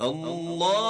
الله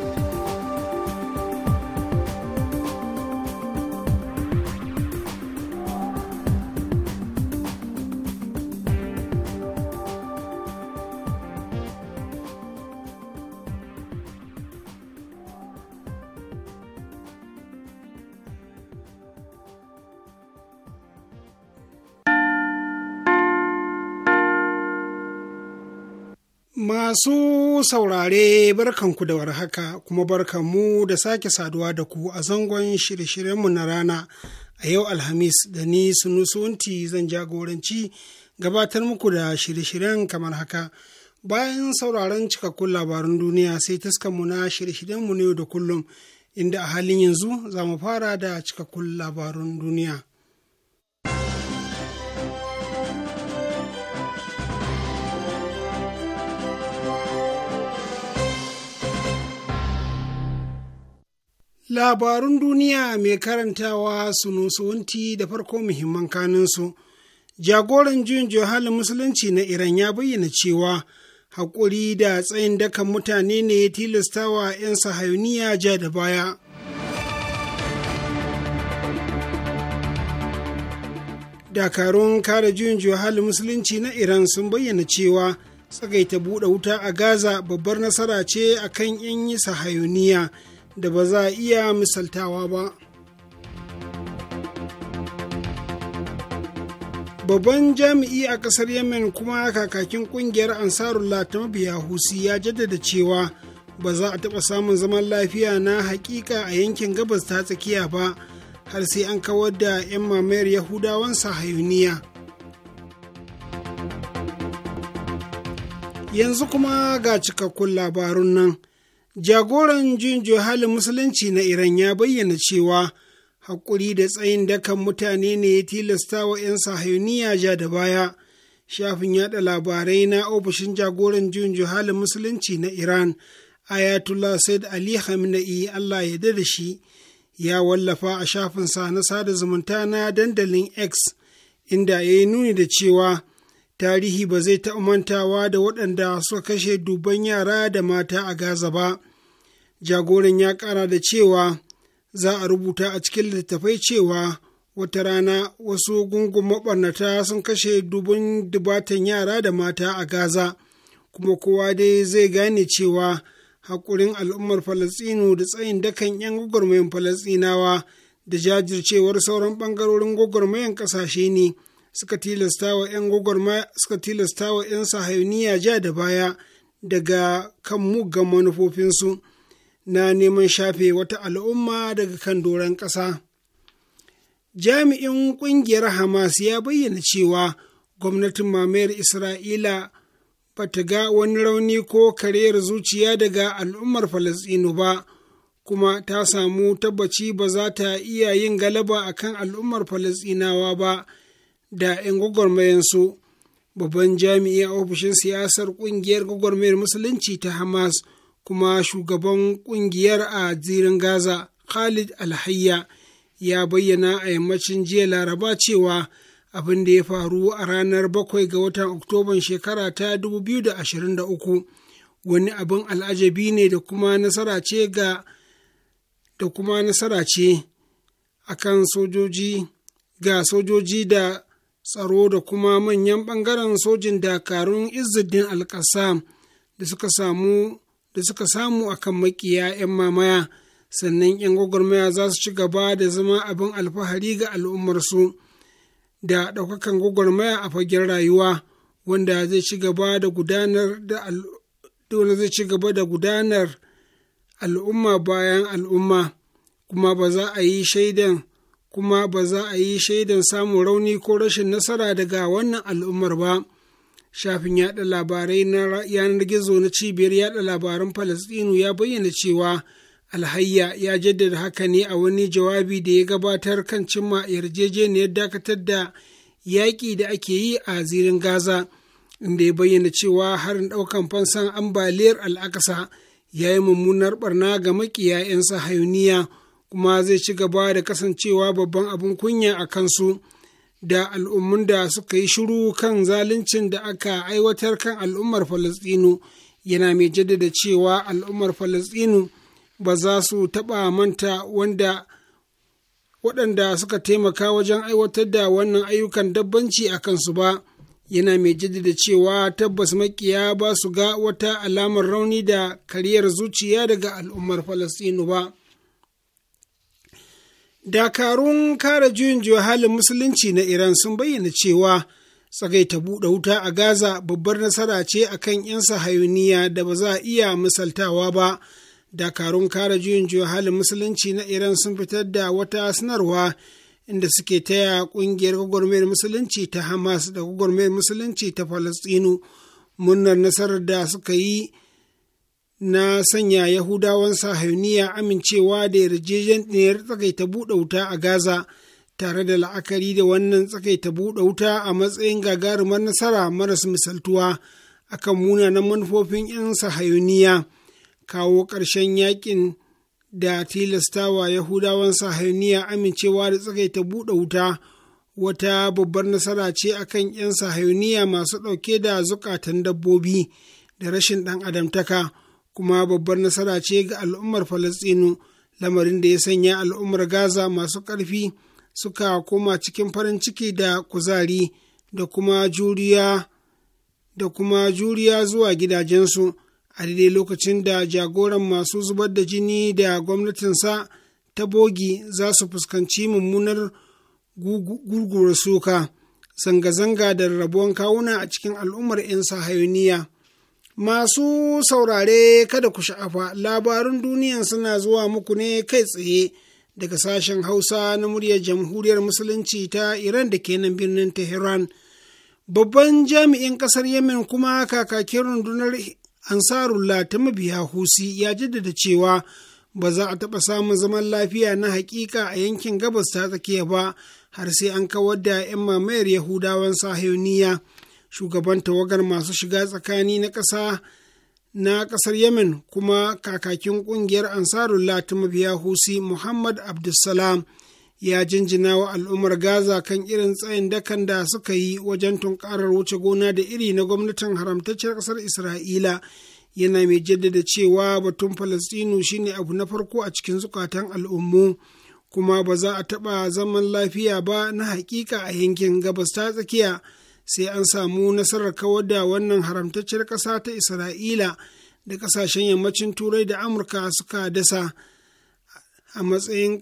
Masu saurare barkanku da warhaka kuma barkanmu da sake saduwa da ku a zangon shirye-shiryenmu na rana a yau Alhamis da ni sunusunti zan jagoranci gabatar muku da shirye-shiryen kamar haka. Bayan sauraron cikakkun labarun duniya sai taskanmu na shirye-shiryenmu na yau da kullum inda a halin yanzu za mu fara da cikakkun labarun duniya. Labarun duniya mai karantawa sunusunti da farko muhimman kaninsu. Jagoran juyin johalin musulunci na Iran ya bayyana cewa haƙuri da tsayin dakan mutane ne ya tilastawa 'yan sahayuniya ja da baya. Dakarun kare juyin johalin musulunci na Iran sun bayyana cewa tsagaita buɗe wuta a Gaza babbar nasara ce akan 'yan sahayuniya. da ba za a iya misaltawa ba babban jami'i a ƙasar yemen kuma kakakin ƙungiyar ansarullah ta mabiya husi ya jaddada cewa ba za a taɓa samun zaman lafiya na haƙiƙa a yankin gabas ta tsakiya ba har sai an kawar da 'yan mamayar yahudawan sahayuniya yanzu kuma ga cikakkun labarun nan jagoran jinjo halin musulunci na iran ya bayyana cewa haƙuri da tsayin dakan mutane ne ya tilasta wa 'yan sahayuniya ja da baya shafin yada labarai na ofishin jagoran jinjo halin musulunci na iran ayatollah said ali Khamenei, allah ya da shi ya wallafa a shafinsa na sada zumunta na dandalin x inda ya yi nuni da cewa tarihi ba zai taɓa mantawa da waɗanda suka kashe duban yara da mata a Gaza ba. Jagoran ya ƙara da cewa za a rubuta a cikin littattafai cewa wata rana wasu gungun maɓarnata sun kashe dubin dubatan yara da mata a Gaza, kuma kowa dai zai gane cewa haƙurin al'ummar Falasɗinu da tsayin dakan 'yan gwagwarmayin Falasɗinawa da jajircewar sauran ɓangarorin gwagwarmayin ƙasashe ne. suka tilasta wa 'yan gwagwarmaya suka tilasta wa 'yan sahayuniya ja da baya daga kan muggan manufofinsu na neman shafe wata al'umma daga kan doron ƙasa. Jami'in ƙungiyar Hamas ya bayyana cewa gwamnatin mamayar Isra'ila ba ta ga wani rauni ko karyar zuciya daga al'ummar Falasɗinu ba, kuma ta samu tabbaci ba za ta iya yin galaba akan al'ummar Falasɗinawa ba. da 'yan gwagwarmayansu babban jami'i a ofishin siyasar ƙungiyar gwagwarmayar musulunci ta hamas kuma shugaban ƙungiyar a zirin gaza khalid alhayya ya bayyana a yammacin jiya laraba cewa abin da ya faru a ranar bakwai ga watan oktoban shekara ta 2023 wani abin al'ajabi ne da kuma nasara ce ga da kuma nasara ce akan sojoji ga sojoji da tsaro da kuma manyan ɓangaren sojin dakarun izzuddin alkasam da suka samu a kan makiya 'yan mamaya sannan 'yan gwagwarmaya za su ci gaba da zama abin alfahari ga al'ummarsu da ɗaukakan gwagwarmaya a fagen rayuwa wanda zai ci gaba da gudanar da wanda zai ci gaba da gudanar al'umma bayan al'umma kuma ba za a yi shaidan kuma ba za a yi shaidan samun rauni ko rashin nasara daga wannan al'ummar ba shafin yada labarai na yanar gizo na cibiyar yada labaran palestinu ya bayyana cewa alhayya ya jaddada haka ne a wani jawabi da ya gabatar kan cimma yarjejeniyar dakatar da yaƙi da ake yi a zirin gaza inda ya bayyana cewa harin ɗaukan fansan ambaliyar al'akasa ya yi mummunar ɓarna ga makiya 'yan kuma zai ci gaba da kasancewa babban abin kunya a kansu da al'ummun da suka yi shiru kan zaluncin da aka aiwatar kan al'ummar falastinu yana mai jaddada cewa al'ummar falastinu ba za su taɓa manta wanda waɗanda suka taimaka wajen aiwatar da wannan ayyukan dabbanci a kansu ba yana mai jaddada cewa tabbas makiya ba su ga wata alamar rauni da kariyar zuciya daga al'ummar falastinu ba. Dakarun kare juyin halin musulunci na Iran sun bayyana cewa tsagaita buɗe wuta a Gaza babbar nasara ce akan kan 'yan sahayuniya da ba za a iya misaltawa ba. Dakarun kare juyin halin musulunci na Iran sun fitar da wata sanarwa inda suke taya ƙungiyar gwagwarmayar musulunci ta Hamas da gwagwarmayar musulunci ta Falastinu murnar nasarar da suka yi na sanya Yahudawan sahayuniya amincewa da yarjejeniyar tsakaita buɗe wuta a Gaza tare da la'akari da wannan tsakaita buɗe wuta a matsayin gagarumar nasara maras misaltuwa a akan munanan manufofin 'yan sahayuniya kawo ƙarshen yakin da tilastawa Yahudawan sahayuniya amincewa da tsakaita buɗe wuta wata babbar nasara ce akan 'yan sahayuniya masu ɗauke da zukatan dabbobi da rashin ɗan adamtaka. kuma babbar nasara ce ga al'ummar falastinu lamarin da ya sanya al'ummar gaza masu ƙarfi suka koma cikin farin ciki da kuzari da kuma juriya da kuma juriya zuwa gidajensu a daidai lokacin da jagoran masu zubar da jini da gwamnatinsa ta bogi za su fuskanci mummunar gurguwar suka zanga-zanga da rabuwan kawuna a cikin al'ummar 'yan sahayuniya. Masu saurare kada ku sha'afa labarun duniya suna zuwa muku ne kai tsaye daga sashen Hausa na muryar Jamhuriyar Musulunci ta Iran da kenan birnin Tehran. Babban jami'in ƙasar Yemen kuma kakakin rundunar Ansarullah ta mabiya Husi ya jaddada cewa ba za a taɓa samun zaman lafiya na haƙiƙa a yankin gabas ta tsakiya ba har sai an kawar da 'yan mamayar Yahudawan Sahiyoniya. shugaban tawagar masu shiga tsakani na ƙasa na ƙasar yemen kuma kakakin ƙungiyar ansarullah ta mabiya husi muhammad abdulsalam ya jinjina wa al'ummar gaza kan irin tsayin dakan da suka yi wajen tunkarar wuce gona da iri na gwamnatin haramtacciyar ƙasar isra'ila yana mai jaddada cewa batun falastinu shine abu na farko a cikin zukatan al'ummu kuma ba za a taɓa zaman lafiya ba na haƙiƙa a yankin gabas ta tsakiya sai an samu nasarar kawar da wannan haramtacciyar ƙasa ta isra'ila da ƙasashen yammacin turai da amurka suka dasa a matsayin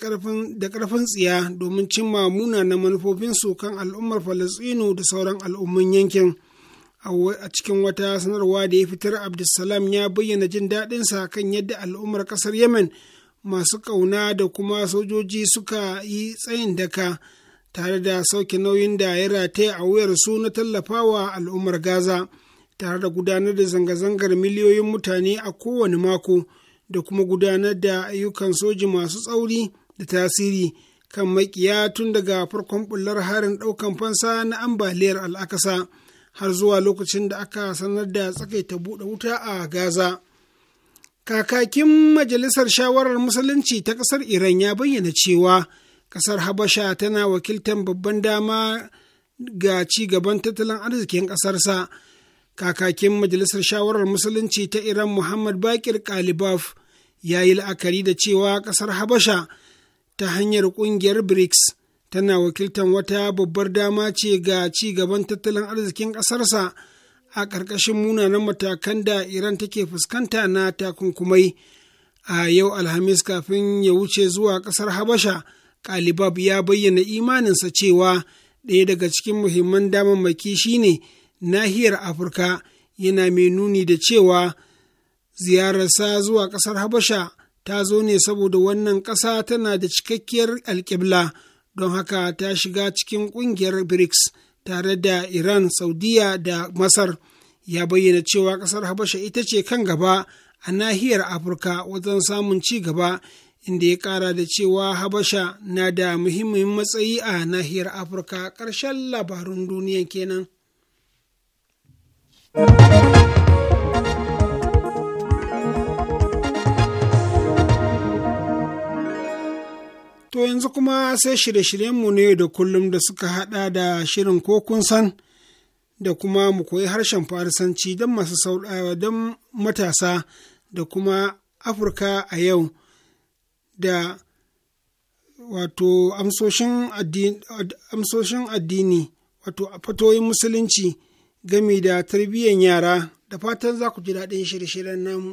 da ƙarfin tsiya domin cimma muna na manufofinsu kan al'ummar Falasinu da sauran al'ummin yankin a cikin wata sanarwa da ya fitar abdulsalam ya bayyana jin daɗinsa kan yadda al'ummar ƙasar yemen masu ƙauna da kuma sojoji suka yi tsayin daka tare da sauke nauyin da ya rataya a wuyar su na tallafawa al'ummar gaza tare da gudanar da zanga-zangar miliyoyin mutane a kowane mako da kuma gudanar da ayyukan soji masu tsauri da tasiri kan makiya tun daga farkon bullar harin ɗaukan fansa na ambaliyar al'akasa har zuwa lokacin da aka sanar da tsakaita buɗe wuta a gaza kakakin majalisar shawarar musulunci ta ƙasar iran ya bayyana cewa ƙasar habasha tana wakiltar babban dama ga ci gaban tattalin arzikin ƙasarsa kakakin majalisar shawarar musulunci ta iran muhammad bakir kalibaf ya yi la'akari da cewa ƙasar habasha ta hanyar ƙungiyar brics tana wakiltan wata babbar dama ce ga ci gaban tattalin arzikin ƙasarsa a ƙarƙashin munanan matakan da iran take fuskanta na takunkumai a yau alhamis kafin ya wuce zuwa ƙasar habasha kalibab ya bayyana imaninsa cewa ɗaya daga cikin muhimman damammaki shine nahiyar afirka yana mai nuni da cewa ziyararsa zuwa ƙasar habasha ta zo ne saboda wannan ƙasa tana da cikakkiyar alƙibla don haka ta shiga cikin ƙungiyar brics tare da iran saudiya da masar ya bayyana cewa ƙasar habasha ita ce kan gaba a nahiyar afirka wajen samun ci gaba inda ya kara da cewa habasha na da muhimmin matsayi a nahiyar afirka karshen labarun duniya kenan To yanzu kuma sai shirye-shiryenmu ne da kullum da suka haɗa da shirin ko kun san da kuma mu koyi harshen farisanci don masu sauɗawa don matasa da kuma Afirka a yau. da wato amsoshin addini wato fatoyin musulunci gami da tarbiyyar yara da fatan za ku ji daɗin shirye-shiryen namu.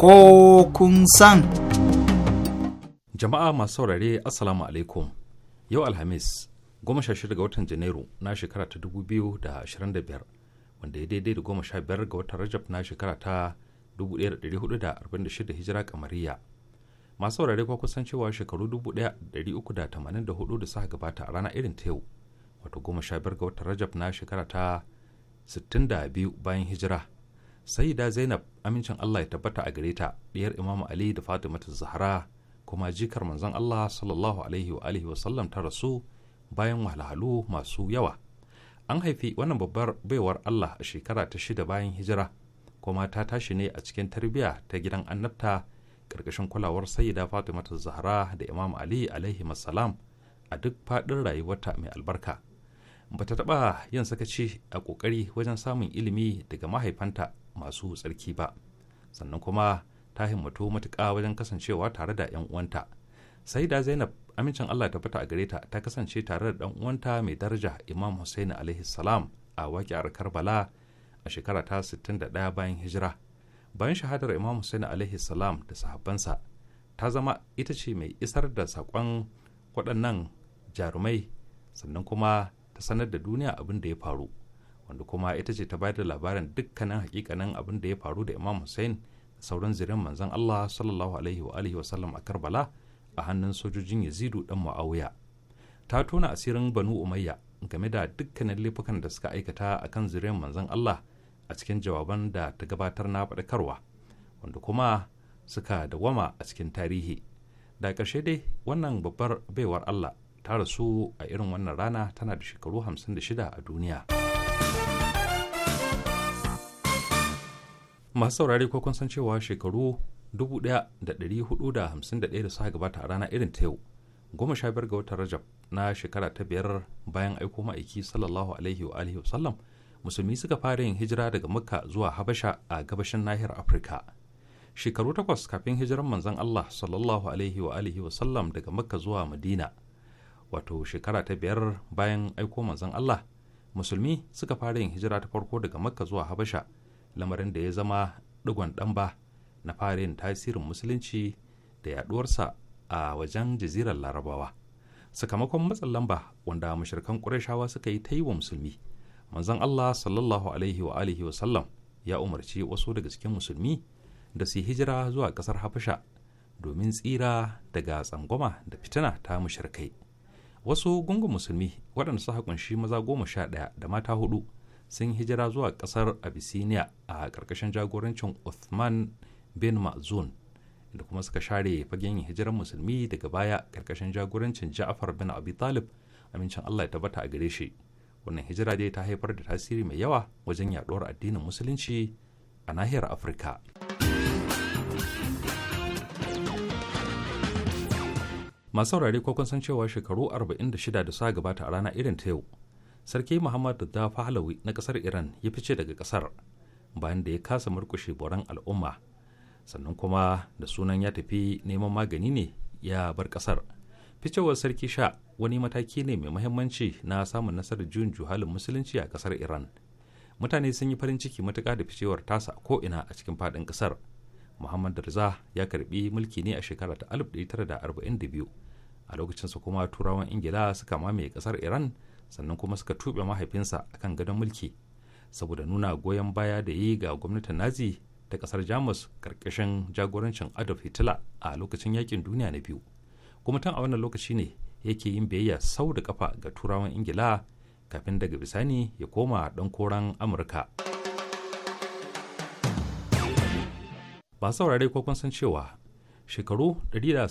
Ko kun san. Jama'a masu saurare Assalamu alaikum. Yau Alhamis, goma sha shida ga watan Janairu na shekara ta dubu biyu da ashirin da biyar. wanda ya daidai da goma sha biyar ga watan rajab na shekara ta 1446 hijira kamariya masu saurare kwa kusan cewa shekaru 1384 da suka gabata a rana irin ta yau wato goma sha biyar ga watan rajab na shekara ta 62 bayan hijira sai da zainab amincin allah ya tabbata a gare ta ɗiyar imamu ali da fatimatu zahara kuma jikar manzon allah sallallahu alaihi wa alihi ta rasu bayan wahalhalu masu yawa an haifi wannan babbar baiwar Allah a shekara ta shida bayan hijira kuma ta tashi ne a cikin tarbiyya ta gidan annabta ƙarƙashin kulawar sayyida fatimata zahra da imam ali alaihi salam a duk faɗin rayuwarta mai albarka ba ta taɓa yin sakaci a ƙoƙari wajen samun ilimi daga mahaifanta masu tsarki ba sannan kuma ta himmatu matuƙa wajen kasancewa tare da 'yan uwanta sai da zainab amincin allah ta fita a gare ta ta kasance tare da dan uwanta mai daraja imam hussein alaihi salam a wakiyar karbala a shekara ta sittin da 61 bayan hijira bayan shahadar imam hussaini alaihi salam da sahabbansa ta zama ita ce mai isar da sakon waɗannan jarumai sannan kuma ta sanar da duniya abin da ya faru wanda kuma ita ce ta bayar da labarin dukkanin hakikanin abin da ya faru da imam hussein sauran zirin manzon allah sallallahu alaihi wa alihi a karbala a hannun sojojin yazidu dan muawiya ta tona asirin banu umayya game da dukkanin laifukan da suka aikata a kan zuriyar manzon allah a cikin jawaban da ta gabatar na faɗakarwa wanda kuma suka dawama a cikin tarihi da ƙarshe dai wannan babbar baiwar allah ta rasu a irin wannan rana tana da shekaru 56 a duniya masu saurari ko kun san cewa shekaru 1451 da suka gabata a rana irin ta yau goma sha biyar ga watan rajab na shekara ta biyar bayan aiko ma'aiki sallallahu alaihi wa alihi wasallam musulmi suka fara yin hijira daga makka zuwa habasha a gabashin nahiyar afirka shekaru takwas kafin hijiran manzon allah sallallahu alaihi wa alihi wasallam daga makka zuwa madina wato shekara ta biyar bayan aiko manzon allah musulmi suka fara yin hijira ta farko daga makka zuwa habasha lamarin da ya zama digon ɗan na fara yin tasirin musulunci da yaduwarsa a wajen jazirar larabawa sakamakon matsin lamba wanda mashirkan ƙurashawa suka yi ta yi wa musulmi manzon allah sallallahu alaihi wa alihi wa sallam ya umarci wasu daga cikin musulmi da su hijira zuwa ƙasar habasha domin tsira daga tsangwama da fitina ta mashirkai wasu gungun musulmi waɗanda suka kunshi maza goma sha ɗaya da mata hudu sun hijira zuwa ƙasar abisiniya a ƙarƙashin jagorancin uthman bin mazun da kuma suka share fagen hijirar musulmi daga baya karkashin jagorancin ja'far bin abi talib amincin allah ya tabbata a gare shi wannan hijira dai ta haifar da tasiri mai yawa wajen yaɗuwar addinin musulunci a nahiyar afirka masu saurare ko kun san cewa shekaru 46 da suka gabata a rana irin ta yau sarki muhammad da fahalawi na kasar iran ya fice daga kasar bayan da ya kasa murkushe boran al'umma sannan kuma da sunan ya tafi neman magani ne ya bar kasar. ficewar sarki sha wani mataki ne mai mahimmanci na samun nasarar juyin juhalin musulunci a kasar iran mutane sun yi farin ciki matuƙa da ficewar tasa ko ina a cikin faɗin kasar muhammad darza ya karbi mulki ne a shekara ta 1942 a lokacinsa kuma turawan ingila suka mamaye kasar iran sannan kuma suka tuɓe mahaifinsa akan gadon mulki saboda nuna goyon baya da yi ga gwamnatin nazi ta kasar jamus karkashin jagorancin adolf hitler a lokacin yakin duniya na biyu kuma tun a wannan lokaci ne yake yin biyayya sau da kafa ga turawan ingila kafin daga bisani ya koma don koran amurka ba saurare ko kun san cewa shekaru 179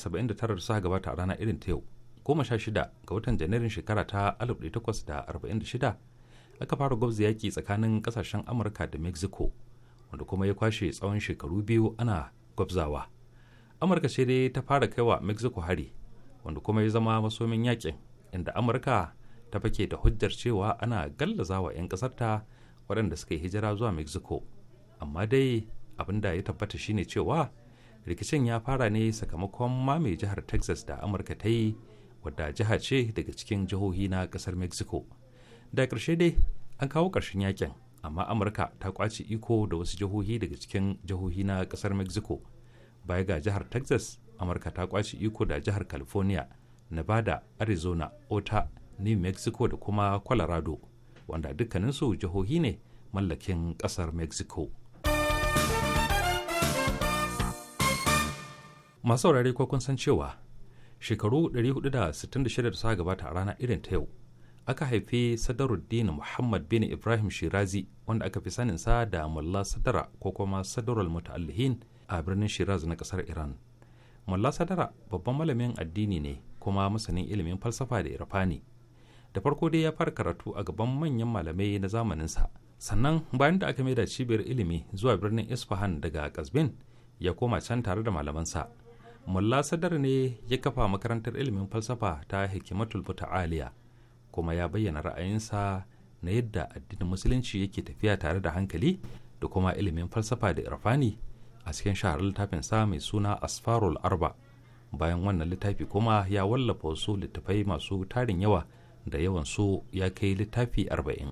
da suka gabata a rana irin ta yau goma sha shida ga watan janairun shekara ta 1846 aka fara gwabza yaki tsakanin kasashen amurka da mexico wanda kuma ya kwashe tsawon shekaru biyu ana gwabzawa amurka ce dai ta fara kaiwa mexico hari wanda kuma ya zama masomin yakin inda amurka ta fake da hujjar cewa ana gallazawa 'yan ƙasarta waɗanda suka yi hijira zuwa mexico amma dai abin da ya tabbata shine cewa rikicin ya fara ne sakamakon mamaye jihar texas da amurka ta yi wadda jiha ce daga cikin jihohi na ƙasar mexico da karshe dai an kawo ƙarshen yakin amma amurka ta kwace iko da wasu jihohi daga cikin jihohi na kasar mexico baya ga jihar texas amurka ta kwace iko da jihar california nevada arizona ota new mexico da kuma colorado wanda dukkaninsu jihohi ne mallakin kasar mexico masu saurare ko kun san cewa shekaru 466 da suka gabata a rana irin ta yau aka haifi sadaruddin muhammad bin ibrahim shirazi wanda aka fi saninsa da mulla sadara ko kuma sadarul muta'allihin a birnin shiraz na kasar iran mulla sadara babban malamin addini ne kuma masanin ilimin falsafa da irfani da farko dai ya fara karatu a gaban manyan malamai na zamaninsa sannan bayan da aka maida cibiyar ilimi zuwa birnin isfahan daga kasbin ya koma can tare da malamansa mulla sadar ne ya kafa makarantar ilimin falsafa ta hikimatul muta'aliya kuma ya bayyana ra'ayinsa na yadda addinin musulunci yake tafiya tare da hankali da kuma ilimin falsafa da irfani a cikin shahar littafinsa mai suna asfarul arba bayan wannan littafi kuma ya wallafa wasu littafai masu tarin yawa da yawan su ya kai littafi arba'in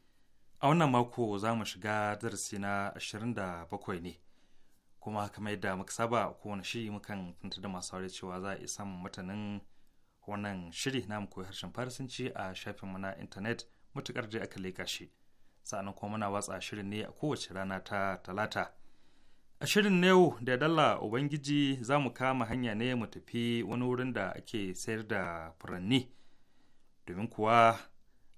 a wannan mako za mu shiga darasi na 27 ne kuma kamar yadda muka saba kowane shiri mukan tunta da masu aure cewa za a iya samun matanin wannan shiri na koyi harshen farisanci a shafinmu na intanet matukar da aka leka shi sa'annan kuma muna watsa shirin ne a kowace rana ta talata a shirin na yau da dalla ubangiji za mu kama hanya ne mu tafi wani wurin da ake sayar da furanni domin kuwa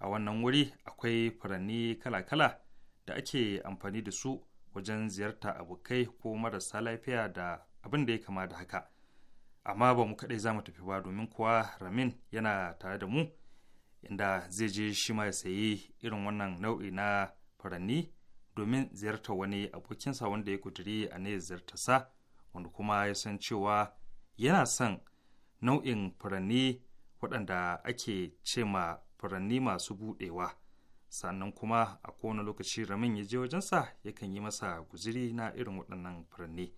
a wannan wuri akwai furanni kala-kala da ake amfani da su wajen ziyarta abokai ko marasa lafiya da abin da ya kama da haka amma ba mu kaɗai za mu tafi ba domin kuwa ramin yana tare da mu inda zai je shi ma ya sayi irin wannan nau'i na furanni domin ziyartar wani abokinsa wanda ya kuduri a ne ziyartarsa wanda kuma ya san cewa yana son nau'in furanni waɗanda ake ce ma furanni masu buɗewa sannan kuma a kowane lokaci ramin ya je wajensa yakan yi masa guziri na irin waɗannan furanni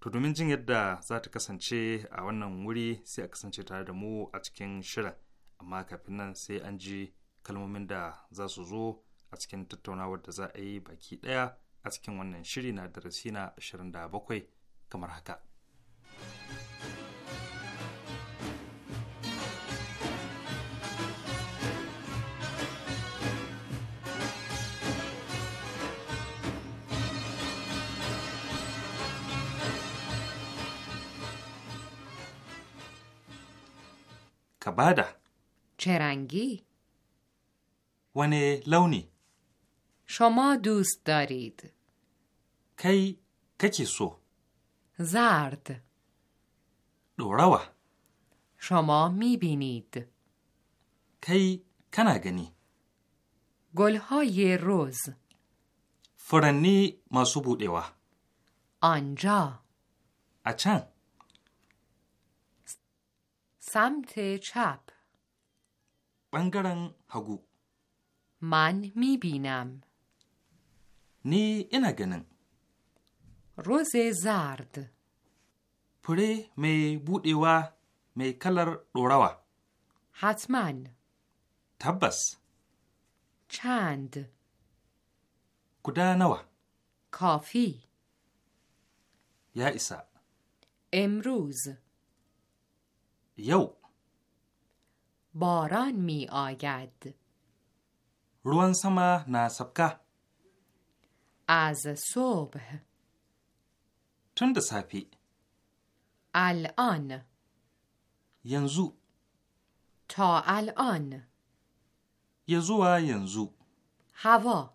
to domin jin yadda za ta kasance a wannan wuri sai a kasance tare da mu a cikin shirin amma kafin nan sai an ji kalmomin da za su zo a cikin tattaunawar da za a yi baki ɗaya a cikin wannan shiri na darasi na 27 kamar haka. کبادا، چرنگی چه رنگی؟ ونه لونی شما دوست دارید کی کچی سو زرد دوروه شما می بینید کی کنگنی گلهای روز فرنی ماسو و آنجا اچان سمت چپ بنگرن هگو من می بینم نی اینا گنن روز زرد پره می بوده و می کلر دوروا حتما تبس چند کدا نوا کافی یا ایسا امروز یو باران می آید روان سما ناسبکه از صبح تند سافی الان ینزو تا الان یزو ینزو هوا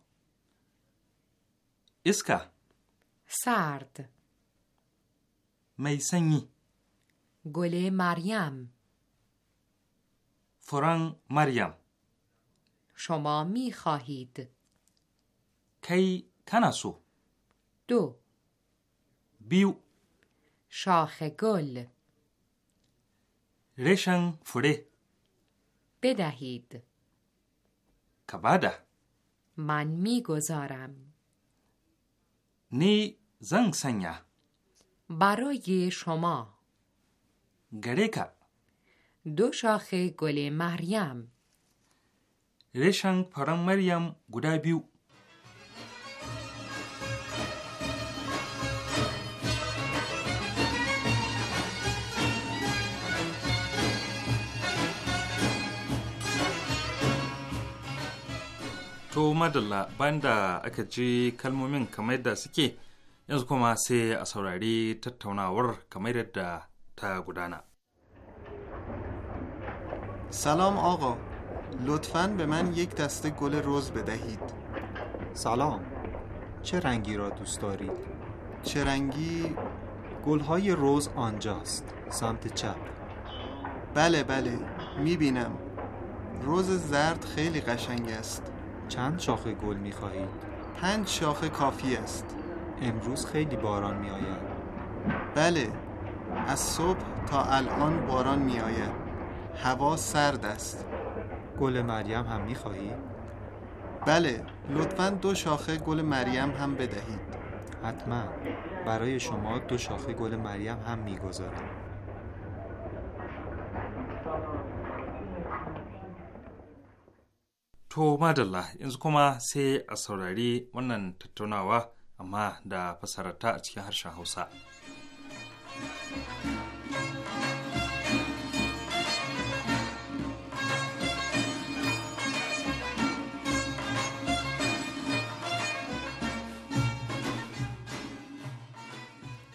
اسکا سرد میسنی گل مریم فرنگ مریم شما می خواهید کی کنسو دو بیو شاخ گل رشن فره بدهید کباده من گذارم نی زنگ سنیا برای شما گره که دو شاخ گل مریم رشن پران مریم گدا بیو To madalla banda aka je kalmomin kamar da suke yanzu kuma sai a saurari tattaunawar kamar yadda سلام آقا لطفا به من یک دسته گل رز بدهید سلام چه رنگی را دوست دارید؟ چه رنگی؟ گلهای رز آنجاست سمت چپ بله بله میبینم رز زرد خیلی قشنگ است چند شاخه گل میخواهید؟ پنج شاخه کافی است امروز خیلی باران میآید بله از صبح تا الان باران می آید. هوا سرد است گل مریم هم میخواهی؟ بله لطفا دو شاخه گل مریم هم بدهید حتما برای شما دو شاخه گل مریم هم گذارم. To madalla yanzu kuma sai a saurari wannan tattaunawa amma da پسرته a cikin harshen Hausa.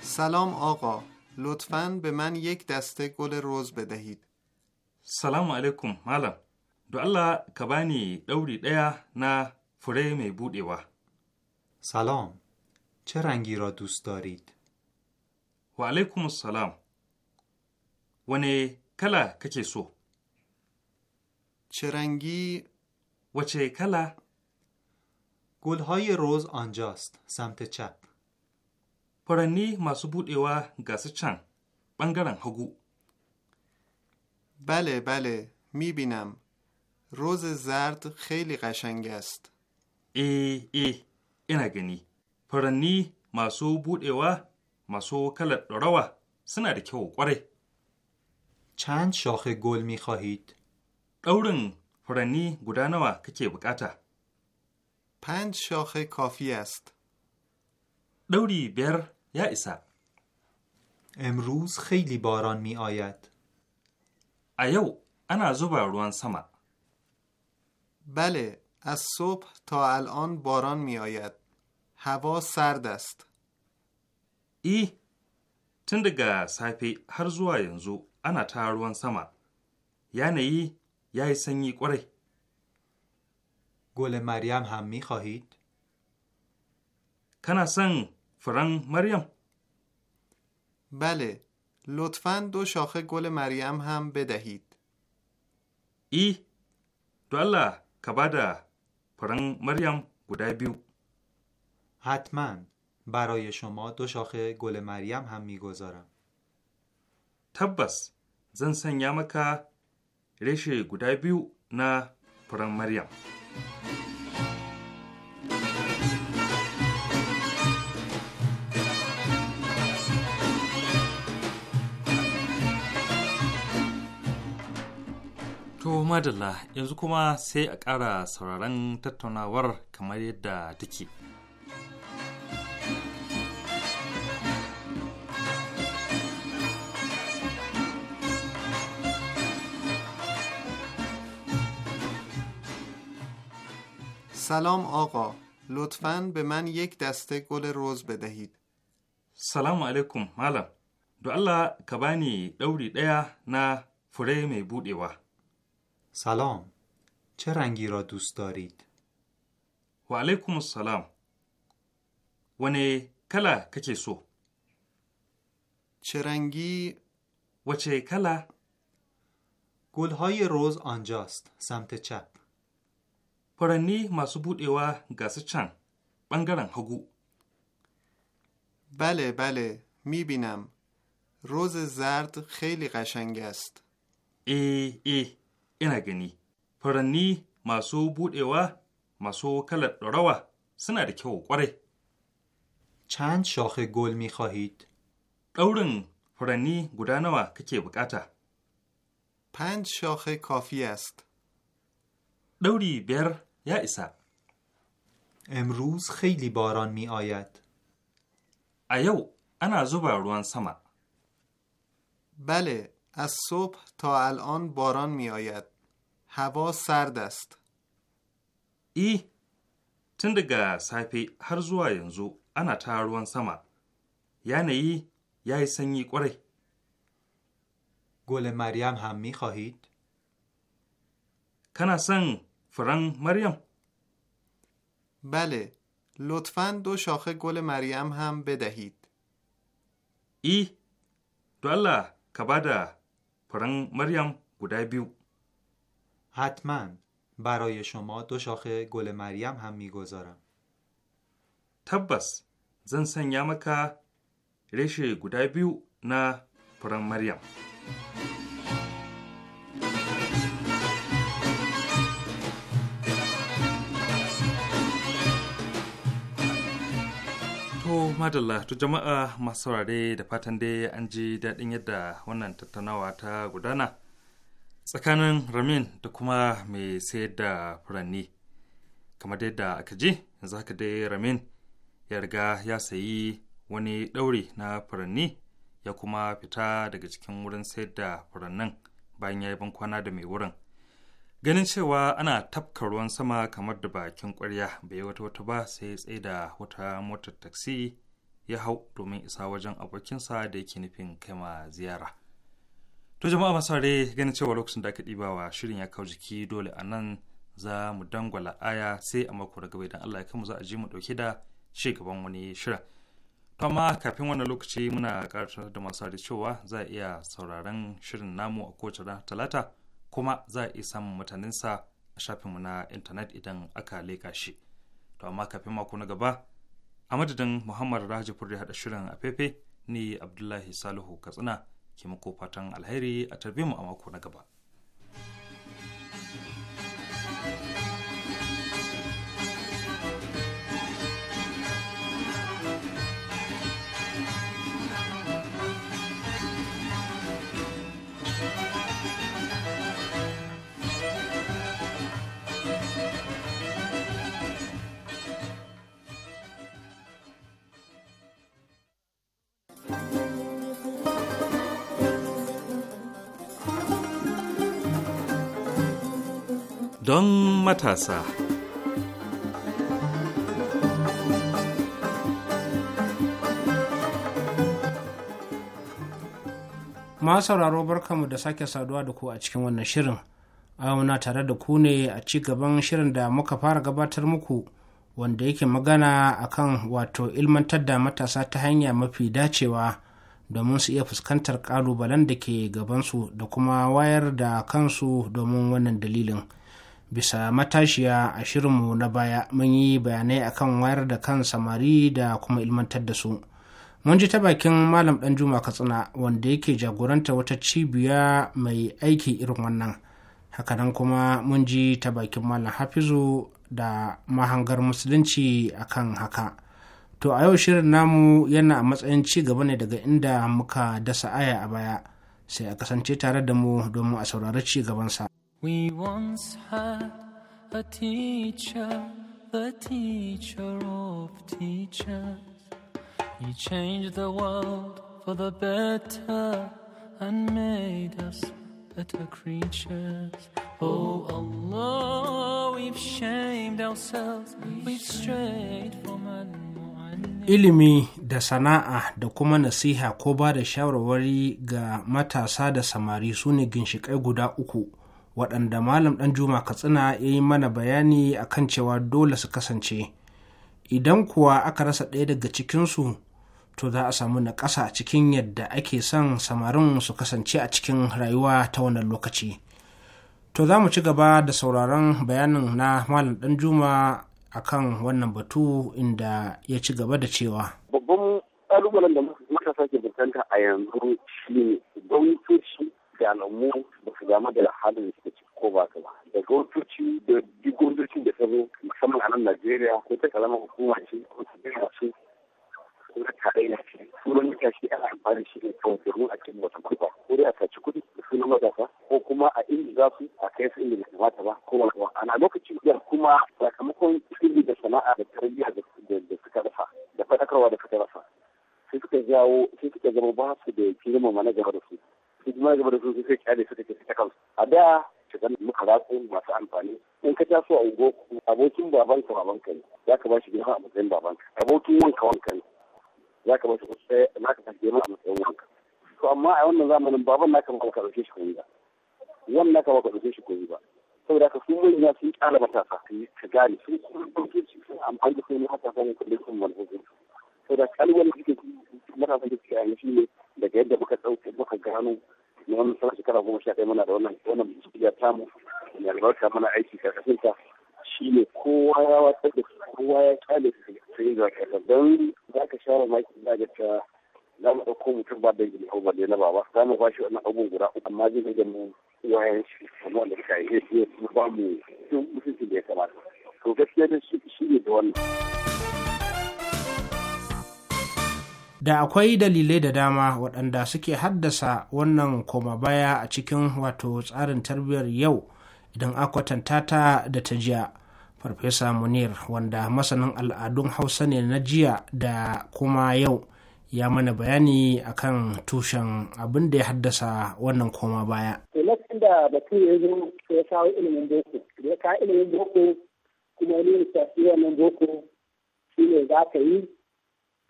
سلام آقا لطفا به من یک دسته گل روز بدهید سلام علیکم مالم دو الله کبانی دوری دیا نه فره می بودی و سلام چه رنگی را دوست دارید؟ و علیکم السلام ونه کلا سو چه رنگی و چه کلا گلهای روز آنجاست سمت چپ پرنی ماسو بود ایوا چنگ، بنگرن هگو بله بله میبینم روز زرد خیلی قشنگ است ای ای اینا گنی پرنی ماسو بود مسو کل ɗorawa suna da kyau چند شاخه گل می خواهید؟ دورن فرنی گودانوا ککی بکاتا پنج شاخه کافی است دوری بر یا ایسا امروز خیلی باران می آید ایو انا زوبا روان سما بله از صبح تا الان باران می آید هوا سرد است E, tun daga safe har zuwa yanzu ana ta ruwan sama, yanayi ya yi sanyi kwarai. Gole Maryam hami khahid? Kana son furan Maryam? Bale, lotfan do shaxe gol Maryam ham bedahid. E, do Allah ka bada furan Maryam guda biyu. Hatman. برای شما دو شاخه گل مریم هم میگذارم تبس زن سنیا مکا رشه گودای بیو نه پران مریم To madalla yanzu kuma sai a ƙara sauraron tattaunawar kamar yadda take. سلام آقا لطفا به من یک دسته گل روز بدهید سلام علیکم مالم دو الله کبانی دوری دیا نه فره می بودی و سلام چه رنگی را دوست دارید؟ و علیکم السلام ونه کلا کچه سو چه رنگی؟ و چه کلا؟ گلهای روز آنجاست سمت چپ furanni masu budewa ga su can ɓangaren hagu بله بله بینم. روز زرد خیلی قشنگ است ای ای اینا گنی فرنی ماسو ایوا ماسو کلت روا سنا da kyau kwarai چند شاخه گل می خواهید دورن فرنی guda nawa kake bukata پنج شاخه کافی است دوری بر یا امروز خیلی باران می آید ایو انا زو روان سما بله از صبح تا الان باران می آید هوا سرد است ای تندگا سایپی هر زو زو yanzu انا تا روان سما یعنی ای یای سنگی قره گل مریم هم میخواهید؟ کنا سنگ فران مریم بله لطفا دو شاخه گل مریم هم بدهید ای دو الله کبادا فران مریم گودا بیو حتما برای شما دو شاخه گل مریم هم میگذارم تبس زن سنیا مکا رشه بیو نه فران مریم madalla to jama'a masu saurare da fatan dai an ji daɗin yadda wannan tattaunawa ta gudana tsakanin ramin da kuma mai sayar da furanni kamar yadda aka ji yanzu haka dai ramin ya riga ya sayi wani ɗauri na furanni ya kuma fita daga cikin wurin sayar da furannin bayan ya yi bankwana da mai wurin ganin cewa ana tafka ruwan sama kamar da bakin kwarya bai wata wata ba sai tsaye da wata motar taksi ya hau domin isa wajen abokinsa da yake nufin kai ma ziyara to jama'a masu ganin cewa lokacin da aka ɗiba wa shirin ya kawo jiki dole a nan za mu dangwala aya sai a mako da gaba idan Allah ya mu za a ji mu ɗauki da ci gaban wani shirin. To amma kafin wannan lokaci muna karatar da masu cewa za a iya sauraron shirin namu a kowace talata kuma za a iya samun mutaninsa a shafinmu na intanet idan aka leƙa shi to amma kafin mako na gaba a madadin muhammad rahaji ya hada shirin a fefe ni abdullahi salihu katsina ke muku fatan alheri a tarbe mu a mako na gaba don matasa. masu sauraro barkamu da sake saduwa da ku a cikin wannan shirin. muna tare da ku ne a ci gaban shirin da muka fara gabatar muku wanda yake magana akan wato ilmantar da matasa ta hanya mafi dacewa. domin su iya fuskantar kalubalen da ke gabansu da kuma wayar da kansu domin wannan dalilin bisa matashiya a shirinmu na baya mun yi bayanai akan wayar da kan samari da kuma ilmantar da su mun ji ta bakin malam dan juma katsina wanda yake jagoranta wata cibiya mai aiki irin wannan hakanan kuma mun ji ta bakin malam hafizu da mahangar musulunci akan haka to a yau shirin namu yana a matsayin ci gaba ne daga inda muka dasa aya a baya sai a kasance tare da mu domin a saurari ci gabansa We once had a teacher, the teacher of teachers. He changed the world for the better and made us better creatures. Oh Allah, we've shamed ourselves, we've strayed from an ilimi da sana'a da kuma nasiha ko ba da shawarwari ga matasa da samari su ne ginshiƙai guda uku waɗanda malam ɗan juma katsina ya yi mana bayani a kan cewa dole su kasance idan kuwa aka rasa ɗaya daga cikinsu to za a samu na ƙasa a cikin yadda ake son samarin su kasance a cikin rayuwa ta wannan lokaci to za mu ci gaba da sauraron bayanin na malam ɗan juma a kan wannan batu inda ya ci gaba da cewa babban ƙalubalen da muka sake bukanta a yanzu gwamnatoci da alamu ba su gama da halin da suke ciki ko ba su ba da gwamnatoci da duk gwamnatocin da ta zo musamman a nan najeriya ko ta kalama hukuma ce ko ta bi masu ko ta tarayya ce sunan mutashi ana amfani shi ne kawai a cikin wata kurba ko dai a saci kuɗi da sunan matasa ko kuma a inda za su a kai su inda bai kamata ba ko wani ba ana lokaci da kuma sakamakon ilimi da sana'a da tarbiyya da suka rasa da faɗakarwa da suka rasa sai suka jawo sai suka zama ba su da girmama na gaba da su A kuma gaba da su sai kyale su take ta kansu a da shigar muka ratsu masu amfani in ka taso a ungo abokin babanka babanka ne ya ka ba shi girma a matsayin babanka abokin wanka wanka ne ya ka ba shi kusa na ka tafi girma a matsayin wanka to amma a wannan zamanin baban naka ba ka ɗauke shi koyi ba wannan naka ba ka ɗauke shi koyi ba saboda ka sun manya sun ƙara matasa ka gane sun kuma ɗauke shi sun amfani da sun yi matasa ne kullum sun manufofin su sau da kalwar da suke matasan da suke shi ne daga yadda muka ɗauke muka gano na wannan sama shekara goma sha ɗaya muna da wannan wannan bincike tamu mai albarka mana aiki karkashin ta shi ne kowa ya watsar da kowa ya kyale su sai ga kasa don za ka sha mamaki za ga ta za mu ɗauko mutum ba da yi ko ba na baba za mu ba shi wannan abubuwan guda uku amma zai ga mu wayan shi kamar wanda ka yi ya ba mu mutunci da ya kamata to gaskiya da shi ne da wannan. da akwai dalilai da dama waɗanda suke haddasa wannan koma baya a cikin wato tsarin tarbiyyar yau idan akwatanta ta da ta jiya farfesa munir wanda masanin al'adun hausa ne na jiya da kuma yau ya mana bayani akan tushen abin da ya haddasa wannan koma baya. lokacin da batu ya zo ya kawo ilimin boko ya kawo ilimin boko kuma ne ya wannan boko shi ne za ka yi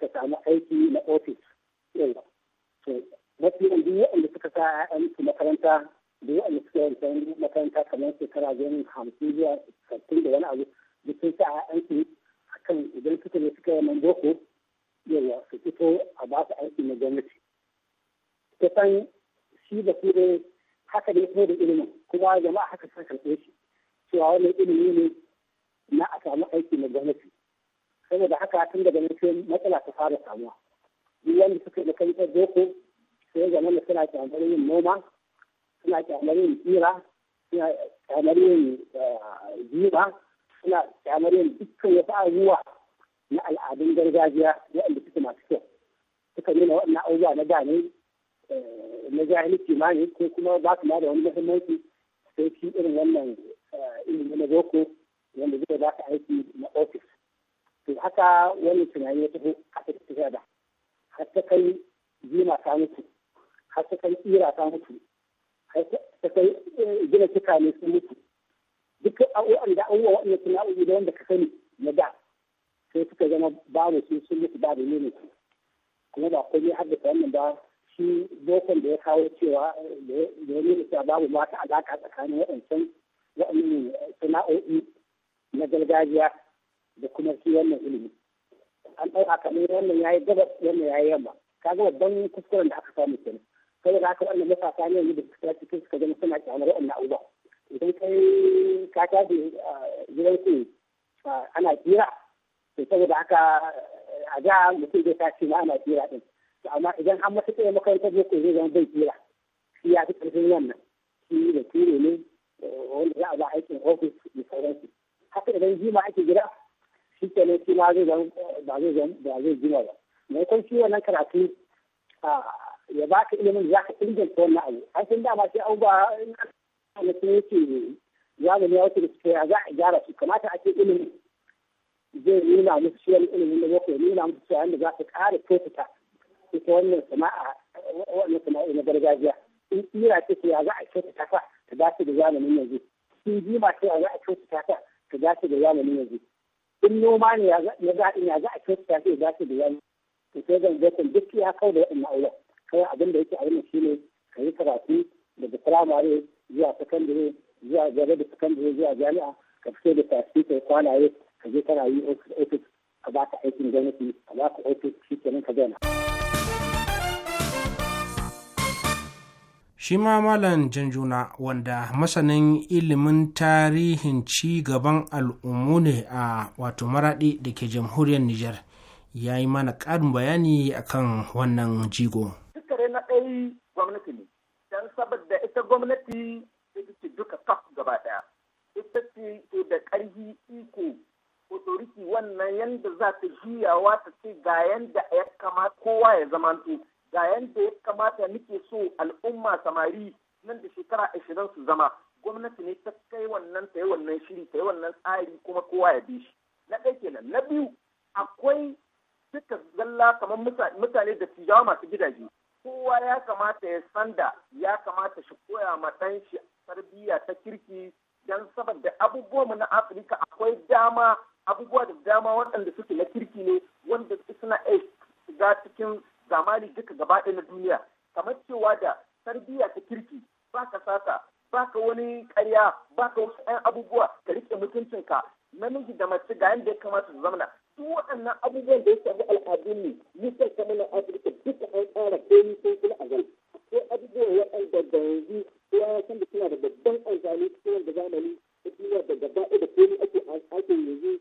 ka samu aiki na ofis yawa to mafi yanzu waɗanda suka sa ƴaƴansu makaranta da waɗanda suka yanzu makaranta kamar shekara zuwa hamsin zuwa sattin da wani abu da sun sa ƴaƴansu akan idan suka ne suka yi boko yawa su fito a ba su aiki na gwamnati ta san shi da su dai haka ne ko da ilimin kuma jama'a haka suka karɓe shi cewa wannan ilimi ne na a samu aiki na gwamnati saboda haka tun daga nan sai matsala ta fara samuwa duk wanda suka da kan boko sai zama da suna kyamar yin noma suna kyamar yin tsira suna kyamar yin eh, jiba suna kyamar yin dukkan wasu abubuwa na al'adun gargajiya waɗanda suke masu kyau suka nuna waɗannan abubuwa na da ne eh, na jahilci ma ne ko kuma ba su ma da wani muhimmanci sai shi irin wannan eh, ilimi na boko wanda zai ba ka aiki na ofis to haka wani tunani ya taho a tafiya da har ta kai jima ta mutu har ta kai tsira ta mutu har ta kai eh, gina cika ne sun mutu duk abubuwan da abubuwa waɗanda suna abubuwa da wanda ka sani na da sai suka zama babu su sun mutu babu ne ne kuma ba komai haddasa wannan ba shi dokon da ya kawo cewa da ya nuna cewa babu mata alaƙa tsakanin waɗancan waɗannan sana'o'i na gargajiya da kuma shi wannan ilimi an ɗauka kamar wannan ya yi gabas wannan ya yi yamma ka ga babban kuskuren da aka samu kenan sai da haka wannan matasa ne da suka cikin suka zama suna kyamar na uba idan kai ka tashi gidan ku ana kira to saboda haka a da mutum zai tashi ma ana kira din to amma idan an mata tsaye makarantar ne ko zai zama bai kira shi ya fi ƙarfin wannan shi da ture ne wanda za a ba aikin ofis da sauransu haka idan jima ake gida shi ke ne shi ma zai zan ba zai zan ba zai gina ba mai kai shi wannan karatu ya ba ka ilimin za ka inganta wannan abu an san dama sai ba na sun yake zamani ya wuce da suke za a gyara su kamata a ce ilimin zai nuna musu shi wani ilimin da ni nuna musu shi wanda za su ƙara kyautata ita wannan sana'a wannan sana'a na gargajiya in tsira ce ya za a kyautata ta ta dace da zamanin yanzu in jima ce ya za a kyautata ta ta dace da zamanin yanzu in noma ne ya za ya za a kyauta shi za su da yayi to sai zan je kun duk ya kau da wa'annan aure kai abin da yake a shi ne. ka yi karatu daga firamare zuwa sakandare zuwa gare da sakandare zuwa jami'a ka fito da tafi kai kwanaye ka je kana yi ofis a baka aikin gwamnati a baka ofis shi kenan ka gana shi ma malam janjuna wanda masanin ilimin tarihin ci gaban al'ummu ne a wato maraɗi da ke jamhuriyar nijar ya yi mana ƙarin bayani akan wannan jigo dukkare na ɗai gwamnati ne don saboda ita gwamnati ita ce duka kaf gaba ɗaya ita ce ke da ƙarfi iko otoriki wannan yanda za ta juyawa ta ce ga yanda ya kama kowa ya zamanto ga yadda ya kamata muke so al'umma samari nan da shekara ashirin su zama gwamnati ne ta kai wannan ta yi wannan shiri ta yi wannan tsari kuma kowa ya bi shi na ɗaya kenan na biyu akwai duka zalla kamar mutane da jawo masu gidaje kowa ya kamata ya sanda ya kamata shi koya ma ɗan shi tarbiyya ta kirki don saboda abubuwanmu na afirka akwai dama abubuwa da dama waɗanda suke na kirki ne wanda suna iya shiga cikin zamani duka gaba ɗaya na duniya kamar cewa da tarbiyya ta kirki ba ka sata ba ka wani karya ba ka wasu 'yan abubuwa ka riƙe mutuncinka namiji da mace ga yadda ya kamata su zamana duk waɗannan abubuwan da ya shafi al'adun ne nisan ta mana afirka duka an tsara komi sun kuma a gal ko abubuwan waɗanda da yanzu ko ya san da suna da babban amfani cikin wanda zamani ta duniya da gaba da komi ake ake yanzu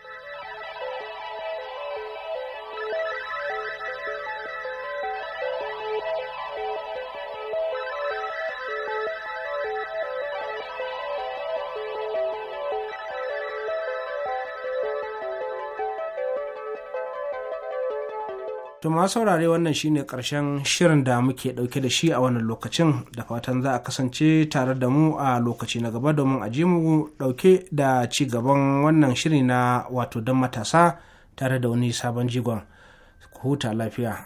To ma saurare wannan shine karshen shirin da muke dauke da shi a wannan lokacin da fatan za a kasance tare da mu a lokaci na gaba domin a mu dauke da ci gaban wannan shiri na wato don matasa tare da wani sabon jigon. Huta lafiya.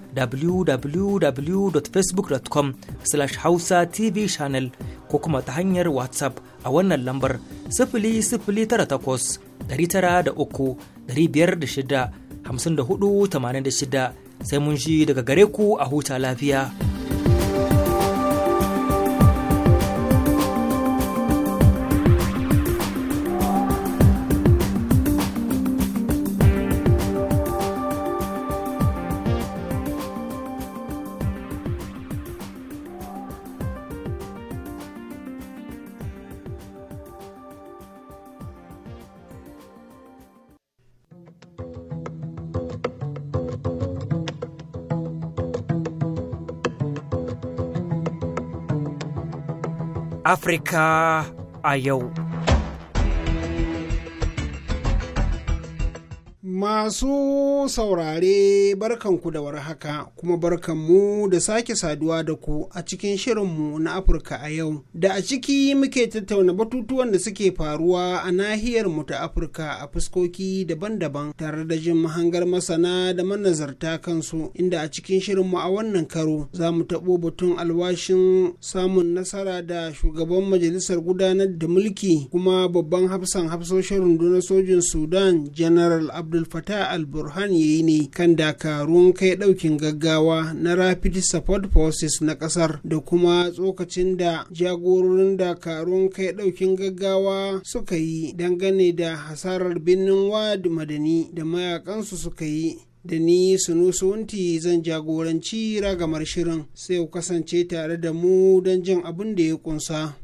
www.facebook.com slash hausa tv channel ko kuma ta hanyar whatsapp a wannan lambar 00983 506 shida sai mun shi daga gare ku a huta lafiya. Africa. Ayo. Masu saurare barkanku da warhaka kuma barkanmu da sake saduwa da ku a cikin shirinmu na Afirka a yau. Da a ciki muke tattauna batutuwan da suke faruwa a nahiyar mu ta Afirka a fuskoki daban-daban tare da jin mahangar masana da manazarta kansu inda a cikin shirinmu a wannan karo za mu taɓo batun alwashin samun nasara da shugaban majalisar gudanar da mulki kuma babban hafsan hafsoshin rundunar sojin Sudan General Abdul Fattah ta alburhan ya yi ne kan dakarun kai daukin gaggawa na Rapid Support Forces na kasar da kuma tsokacin da jagororin dakarun kai daukin gaggawa suka yi dangane da hasarar birnin Wad Madani da mayakansu suka yi. da ni sunusu wunti zan jagoranci ragamar shirin sai ku kasance tare da mu don jin abin da ya kunsa.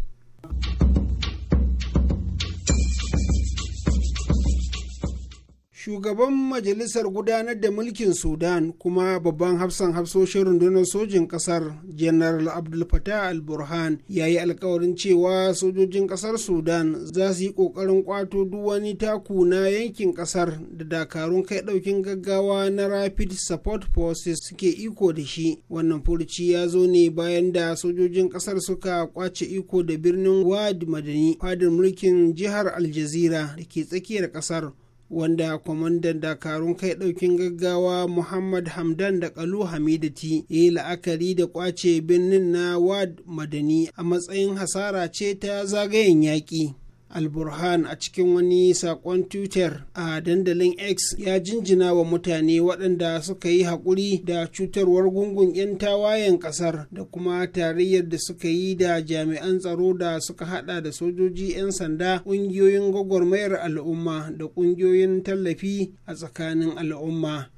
shugaban majalisar gudanar da mulkin sudan kuma babban hafsan hafsoshin rundunar sojin kasar general abdul fatah al-burhan ya yi alkawarin cewa sojojin kasar sudan za su yi kokarin kwato duk wani taku na yankin kasar da dakarun kai daukin gaggawa na rapid support forces suke iko da shi wannan furci ya zo ne bayan da sojojin kasar suka kwace iko da birnin wad madani fadar mulkin jihar aljazira da ke tsakiyar kasar wanda kwamandan dakarun kai daukin gaggawa muhammad hamdan da kalu hamidati ya yi la'akari da kwace birnin na wad madani a matsayin hasara ce ta zagayen yaƙi alburhan a cikin wani sakon twitter a dandalin x ya jinjina wa mutane waɗanda suka yi haƙuri da cutarwar gungun 'yan tawayen ƙasar da kuma tarayyar da suka yi da jami'an tsaro da suka haɗa da sojoji 'yan sanda ƙungiyoyin gwagwarmayar al'umma da ƙungiyoyin tallafi a tsakanin al'umma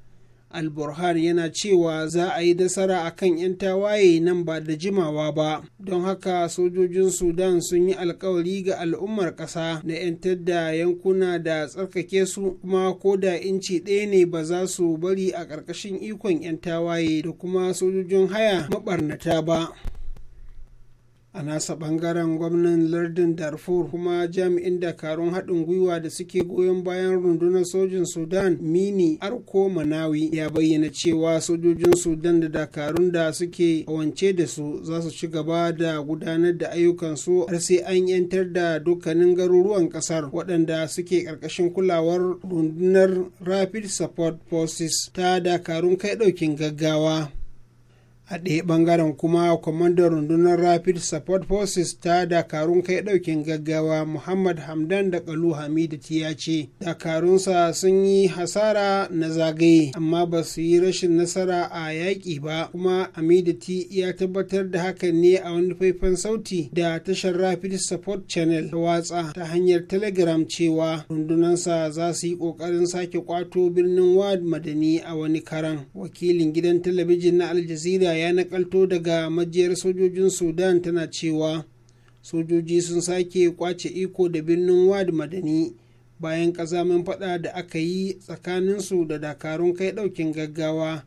alburhar yana cewa za a yi nasara a kan 'yan tawaye nan ba da jimawa ba don haka sojojin sudan sun yi alkawari ga al'ummar ƙasa na 'yantar da yankuna da tsarkake su kuma ko da inci ɗaya ne ba za su bari a ƙarƙashin ikon 'yan tawaye da kuma sojojin haya maɓarnata ba a nasa bangaren gwamnan lardin darfur kuma jami'in dakarun haɗin gwiwa da suke goyon bayan rundunar sojin sudan mini arko manawi ya bayyana cewa sojojin sudan da dakarun da suke wance da su za su ci gaba da gudanar da ayyukansu har sai an yantar da dukkanin garuruwan ƙasar waɗanda suke ƙarƙashin kulawar rundunar rapid support forces ta dakarun kai ɗaukin gaggawa a ɗaya ɓangaren kuma kwamandan rundunar rapid support forces ta dakarun kai ɗaukin gaggawa muhammad hamdan da kalu hamidu ya ce dakarunsa sun yi hasara na zagaye amma ba su yi rashin nasara a yaƙi ba kuma hamidu ya tabbatar da hakan ne a wani faifan sauti da tashar rapid support channel ta watsa ta hanyar telegram cewa rundunansa za su yi ƙoƙarin sake kwato birnin wad madani a wani karan wakilin gidan talabijin na aljazeera ya nakalto daga majiyar sojojin sudan tana cewa sojoji sun sake kwace iko da birnin wad madani bayan kazamin fada da aka yi tsakaninsu da dakarun kai daukin gaggawa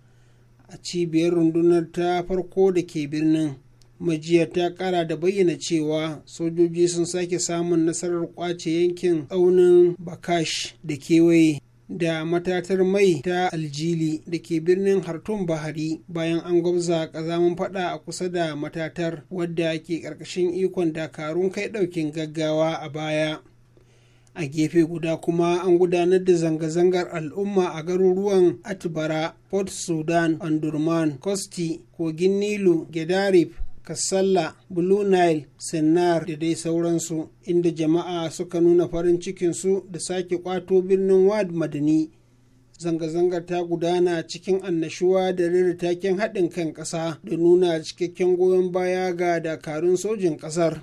a cibiyar rundunar ta farko da ke birnin majiyar ta kara da bayyana cewa sojoji sun sake samun nasarar kwace yankin tsaunin bakash da kewaye da matatar mai ta aljili da ke birnin hartun bahari bayan an gwabza kazamin fada a kusa da matatar wadda ke karkashin ikon dakarun kai daukin gaggawa a baya a gefe guda kuma an gudanar da zanga-zangar al'umma a garuruwan atbara port sudan andurman kosti kogin nilu gedarif kasalla blue nile sennar da dai sauransu inda jama'a suka nuna farin cikinsu da sake kwato birnin wad madani zanga-zangar ta gudana cikin annashuwa da rere taken haɗin kan ƙasa da nuna cikakken goyon baya ga dakarun sojin ƙasar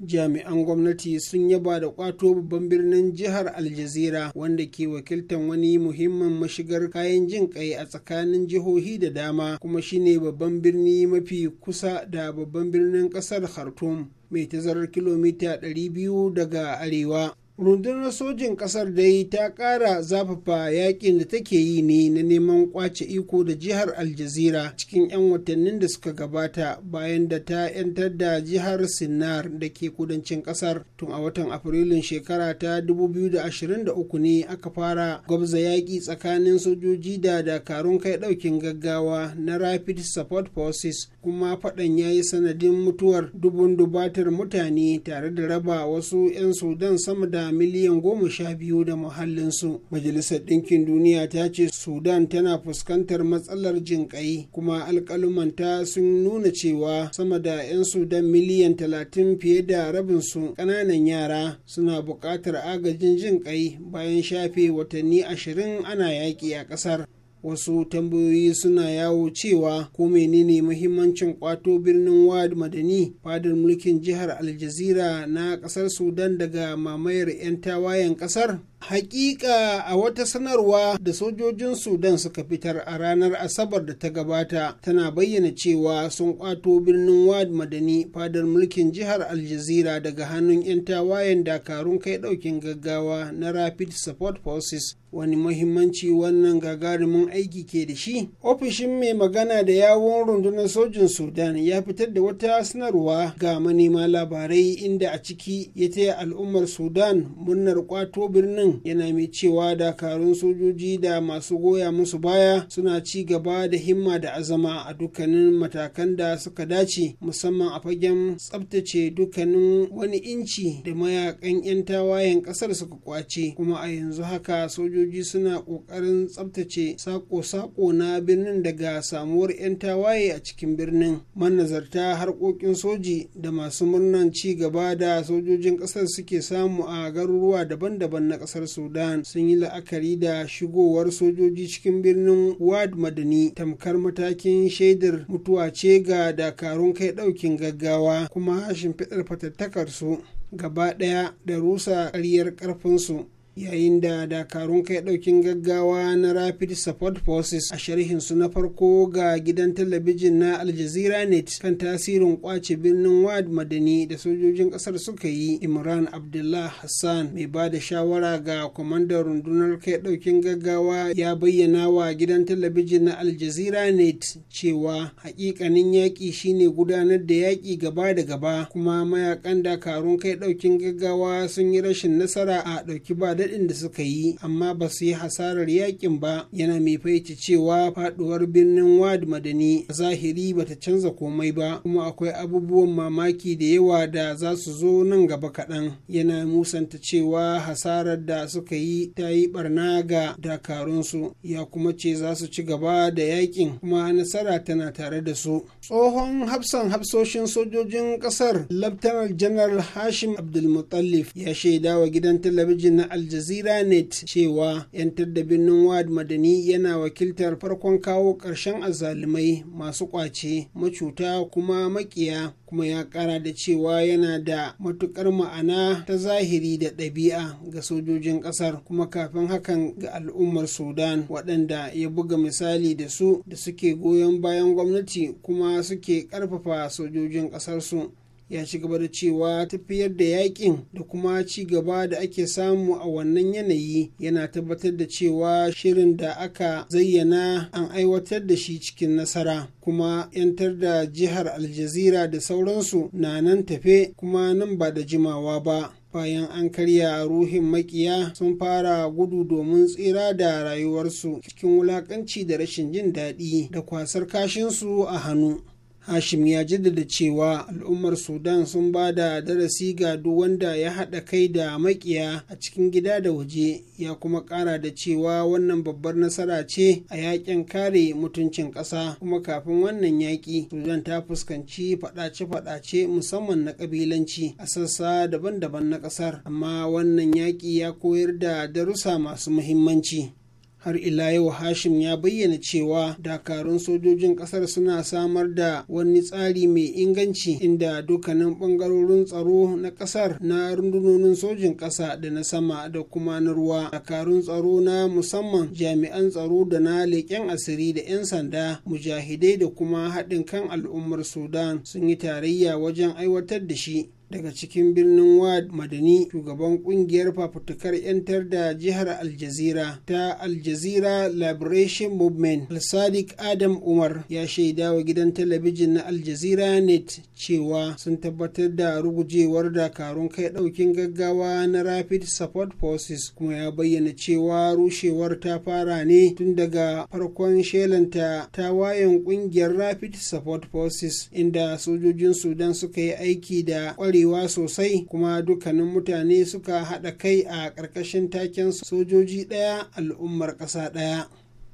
jami'an gwamnati sun yaba da kwato babban birnin jihar aljazira wanda ke wakiltan wani muhimmin mashigar kayan jin kai a tsakanin jihohi da dama kuma shine babban birni mafi kusa da babban birnin kasar khartoum mai tazarar kilomita 200 daga arewa rundunar sojin kasar dai ta kara zafafa yakin da take yi ne na neman kwace iko da jihar aljazira cikin 'yan watannin da suka gabata bayan da ta 'yantar da jihar sinnar da ke kudancin kasar tun a watan afrilun shekara ta 2023 ne aka fara gwabza yaƙi tsakanin sojoji da dakarun kai ɗaukin gaggawa na rapid support forces kuma faɗan ya yi sanadin mutuwar dubun dubatar mutane tare da raba wasu 'yan sudan sama da miliyan goma sha biyu da muhallinsu majalisar ɗinkin duniya ta ce sudan tana fuskantar matsalar jinƙai kuma alƙalumanta sun nuna cewa sama da 'yan sudan miliyan talatin fiye da rabinsu ƙananan yara suna buƙatar agajin jinƙai bayan shafe watanni ashirin ana yaƙi a ƙasar wasu tambayoyi suna yawo cewa ko menene muhimmancin kwato birnin wad madani fadar mulkin jihar aljazira na kasar sudan daga mamayar 'yan tawayen kasar Hakika a wata sanarwa da sojojin Sudan suka fitar a ranar Asabar da ta gabata tana bayyana cewa sun kwato birnin Wad Madani fadar mulkin jihar Aljazira daga hannun 'yan tawayen dakarun kai daukin gaggawa na Rapid Support Forces wani mahimmanci wannan gagarumin aiki ke da shi ofishin mai magana da yawon rundunar sojin sudan ya fitar da wata sanarwa ga manema labarai inda a ciki ya taya al'ummar sudan murnar kwato birnin ɗin yana mai cewa dakarun sojoji da masu goya musu baya suna ci gaba da himma da azama a dukkanin matakan da suka dace musamman a fagen tsabtace dukkanin wani inci da mayakan 'yan tawayen ƙasar suka kwace kuma a yanzu haka sojoji suna ƙoƙarin tsabtace sako-sako na birnin daga samuwar 'yan tawaye a cikin birnin manazarta harkokin soji da masu murnan ci gaba da sojojin ƙasar suke samu a garuruwa daban-daban na ƙasar kasar sudan sun yi la'akari da shigowar sojoji cikin birnin wad madani tamkar matakin shaidar mutuwa ce ga dakarun kai daukin gaggawa kuma shimfiɗar fatattakar su gaba ɗaya da rusa ƙaryar ƙarfinsu yayin da dakarun kai daukin gaggawa na rapid support forces a sharhinsu na farko ga gidan talabijin na aljazeera net kan tasirin kwace birnin wad madani da sojojin kasar suka yi imran abdullah hassan mai ba da shawara ga kwamandan rundunar kai daukin gaggawa ya bayyana wa gidan talabijin na aljazeera net cewa hakikanin yaƙi shine gudanar da yaƙi gaba da gaba kuma mayakan dakarun kai daukin gaggawa sun yi rashin nasara a dauki ba daɗin da suka yi amma ba su yi hasarar yakin ba yana mai faice cewa faduwar birnin wad madani a zahiri ta canza komai ba kuma akwai abubuwan mamaki da yawa da za su zo nan gaba kaɗan yana musanta cewa hasarar da suka yi ta yi barna ga dakarunsu ya kuma ce za su ci gaba da yakin kuma nasara tana tare da su tsohon hafsan hafsoshin sojojin ƙasar laftanar janar hashim abdulmutallif ya shaidawa gidan talabijin na aljazeera jazeera net cewa yan da birnin wad madani yana wakiltar farkon kawo ƙarshen azzalumai masu ƙwace macuta kuma makiya kuma ya ƙara da cewa yana da matuƙar ma'ana ta zahiri da ɗabi'a ga sojojin ƙasar kuma kafin hakan ga al'ummar sudan waɗanda ya buga misali da su da suke goyon bayan gwamnati kuma suke ƙarfafa sojojin ƙasarsu ya ci gaba da cewa tafiyar da yakin da kuma ci gaba da ake samu a wannan yanayi yana tabbatar da cewa shirin da aka zayyana an aiwatar da shi cikin nasara kuma 'yantar da jihar aljazira da sauransu na nan tafe kuma nan ba da jimawa ba bayan an karya ruhin makiya sun fara gudu domin tsira da rayuwarsu cikin wulakanci da rashin jin daɗi da kwasar kashinsu a hannu hashim ya jaddada cewa al'ummar sudan sun ba da darasi ga duk wanda ya haɗa kai da makiya a cikin gida da waje ya kuma ƙara da cewa wannan babbar nasara ce a yakin kare mutuncin ƙasa kuma kafin wannan yaƙi sudan ta fuskanci faɗace-faɗace musamman na ƙabilanci a sassa daban-daban na ƙasar amma wannan yaƙi ya koyar da darussa masu muhimmanci har ila yau hashim ya bayyana cewa dakarun sojojin kasar suna samar da wani tsari mai inganci inda dukkanin bangarorin tsaro na kasar na rundunonin sojin kasa da na sama da kuma na ruwa dakarun tsaro na musamman jami'an tsaro da na leƙen asiri da 'yan sanda mujahidai da kuma haɗin kan al'ummar sudan sun yi tarayya wajen aiwatar da shi daga cikin birnin wad madani shugaban kungiyar fafutukar 'yantar da jihar aljazira ta aljazira liberation movement al-sadiq adam umar ya shaida wa gidan talabijin na aljazira net cewa sun tabbatar da rugujewar dakarun kai daukin gaggawa na rapid support forces kuma ya bayyana cewa rushewar ta fara ne tun daga farkon shelanta ta wayan kungiyar rapid support forces inda sojojin sudan suka yi aiki da kwari ƙwarewa sosai kuma dukkanin mutane suka haɗa kai a ƙarƙashin taken sojoji ɗaya al'ummar ƙasa ɗaya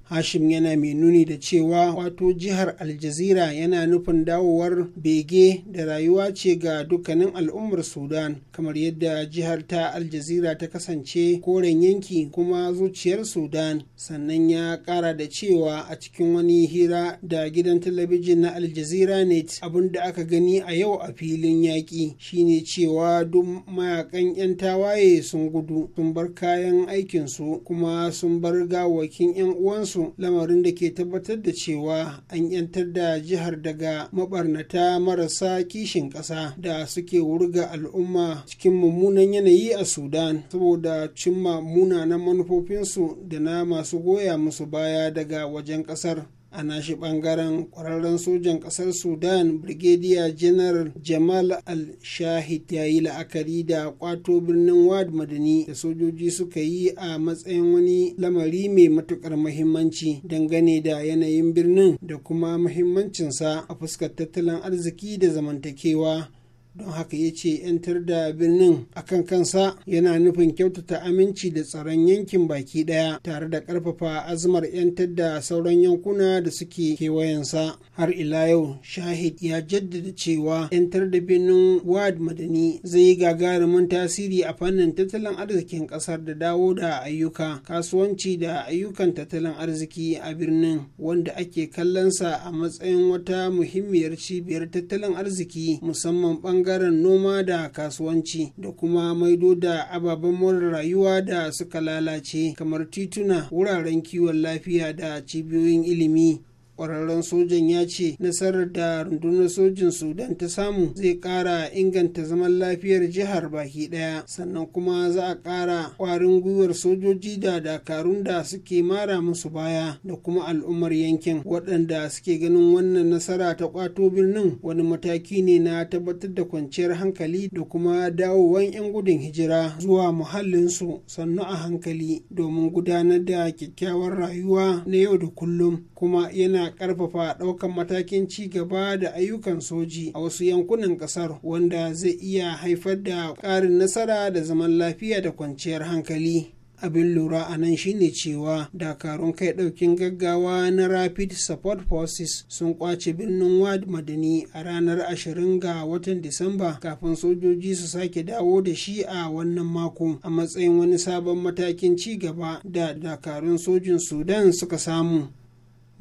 hashim yana mai nuni da cewa wato jihar aljazira yana nufin dawowar bege da rayuwa ce ga dukkanin al'ummar sudan kamar yadda jihar ta aljazira ta kasance koren yanki kuma zuciyar sudan sannan ya kara da cewa a cikin wani hira da gidan talabijin na aljazira net abin da aka gani a yau a filin yaƙi shine cewa duk mayakan 'yan tawaye sun gudu sun bar kayan aikinsu kuma sun bar gawakin 'yan uwansu su lamarin da ke tabbatar da cewa an yantar da jihar daga mabarnata marasa kishin ƙasa da suke wurga al'umma cikin mummunan yanayi a sudan saboda cimma munanan manufofinsu da na masu goya musu baya daga wajen ƙasar a nashi bangaren kwararren sojan kasar sudan brigadier general jamal al-shahid ya yi la'akari da kwato birnin wad madani da sojoji suka yi a matsayin wani lamari mai matukar mahimmanci dangane da yanayin birnin da kuma mahimmancinsa a fuskar tattalin arziki da zamantakewa don haka ya ce 'yantar da birnin akan kansa yana nufin kyautata aminci da tsaron yankin baki daya tare da karfafa azumar 'yantar da sauran yankuna da suke kewayensa har ila yau shahid ya jaddada cewa 'yantar da birnin ward madani zai yi gagarumin tasiri a fannin tattalin arzikin kasar da dawo da ayyuka kasuwanci da ayyukan tattalin arziki a birnin wanda ake kallonsa a matsayin wata muhimmiyar cibiyar tattalin arziki musamman bangaren bangaren noma da kasuwanci da kuma maido da ababen more rayuwa da suka lalace kamar tituna wuraren kiwon lafiya da cibiyoyin ilimi kwararren sojan ya ce nasarar da rundunar sojin sudan ta samu zai kara inganta zaman lafiyar jihar baki daya sannan kuma za a kara kwarin gwiwar sojoji da dakarun da suke mara musu baya da kuma al'ummar yankin waɗanda suke ganin wannan nasara ta kwato birnin wani mataki ne na tabbatar da kwanciyar hankali da kuma dawowan 'yan gudun hijira zuwa muhallinsu sannu a hankali domin gudanar da kyakkyawar rayuwa na yau da kullum kuma yana yana karfafa daukan matakin ci gaba da ayyukan soji a wasu yankunan kasar wanda zai iya haifar da karin nasara da zaman lafiya da kwanciyar hankali abin lura a nan shine cewa dakarun kai daukin gaggawa na rapid support forces sun kwace birnin wad madani a ranar 20 ga watan disamba kafin sojoji su sake dawo da shi a wannan mako a matsayin wani sabon matakin ci gaba da dakarun sojin sudan suka samu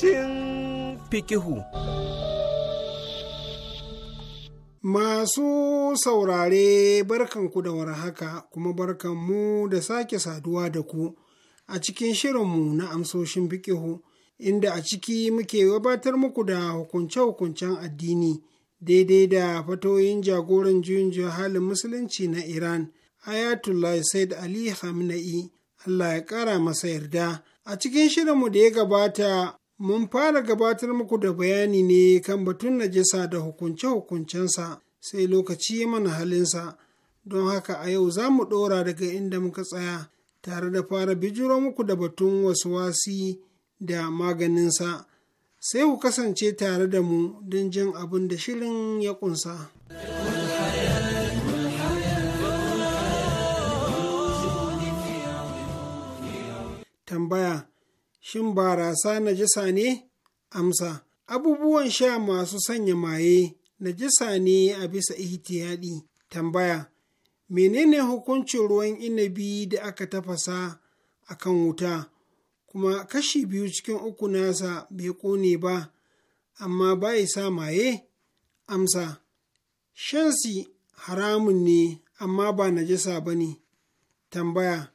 ƙarƙashin fikihu. Masu saurare barkanku da warhaka kuma barkanmu da sake saduwa da ku a cikin shirinmu na amsoshin fikihu inda a ciki muke gabatar muku da hukunce-hukuncen addini daidai da fatoyin jagoran juyin halin musulunci na Iran Ayatollah Said Ali Khamenei Allah ya ƙara masa yarda. A cikin shirinmu da ya gabata Mun fara gabatar muku da bayani ne kan batun najasa da hukunce-hukuncensa sai lokaci ya mana halinsa, don haka a yau za mu ɗora daga inda muka tsaya tare da fara bijiro muku da batun wasu wasi da maganinsa. Sai ku kasance tare da mu don jin abin da shirin ya ƙunsa. Tambaya Shin barasa najasa ne? Amsa, abubuwan sha masu sanya maye najasa ne a bisa ihtiyadi. Tambaya, menene hukuncin ruwan inabi da aka tafasa a kan wuta, kuma kashi biyu cikin uku nasa bai ƙone ba, amma ba sa maye? Amsa, shansi haramun ne, amma ba najasa ba ne. Tambaya,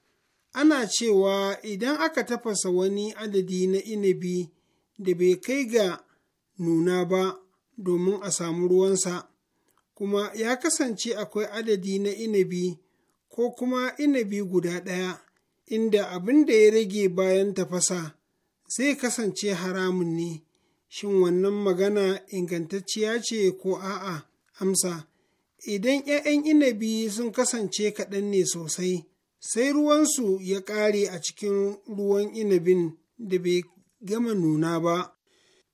ana cewa idan aka tafasa wani adadi na inabi da bai kai ga nuna ba domin a samu ruwansa kuma ya kasance akwai adadi na inabi ko kuma inabi guda ɗaya inda abin da ya rage bayan tafasa zai kasance haramun ne shin wannan magana ingantacciya ce ko a'a amsa idan 'ya'yan inabi sun kasance kaɗan ne sosai sai ruwansu ya ƙare a cikin ruwan inabin da bai gama nuna ba,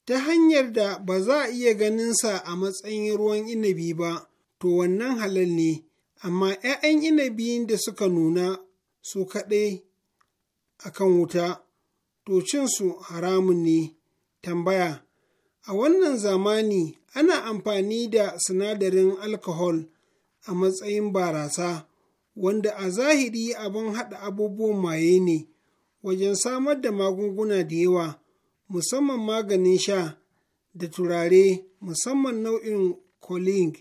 ta hanyar da ba za a iya sa a matsayin ruwan inabi ba, to wannan halal ne, amma ‘ya'yan inabi da suka nuna su kaɗai a kan wuta, to cinsu haramun ne, tambaya. A wannan zamani ana amfani da sinadarin alkohol a matsayin barasa wanda a zahiri abin haɗa abubuwan maye ne wajen samar da magunguna da yawa musamman maganin sha da turare musamman nau'in coling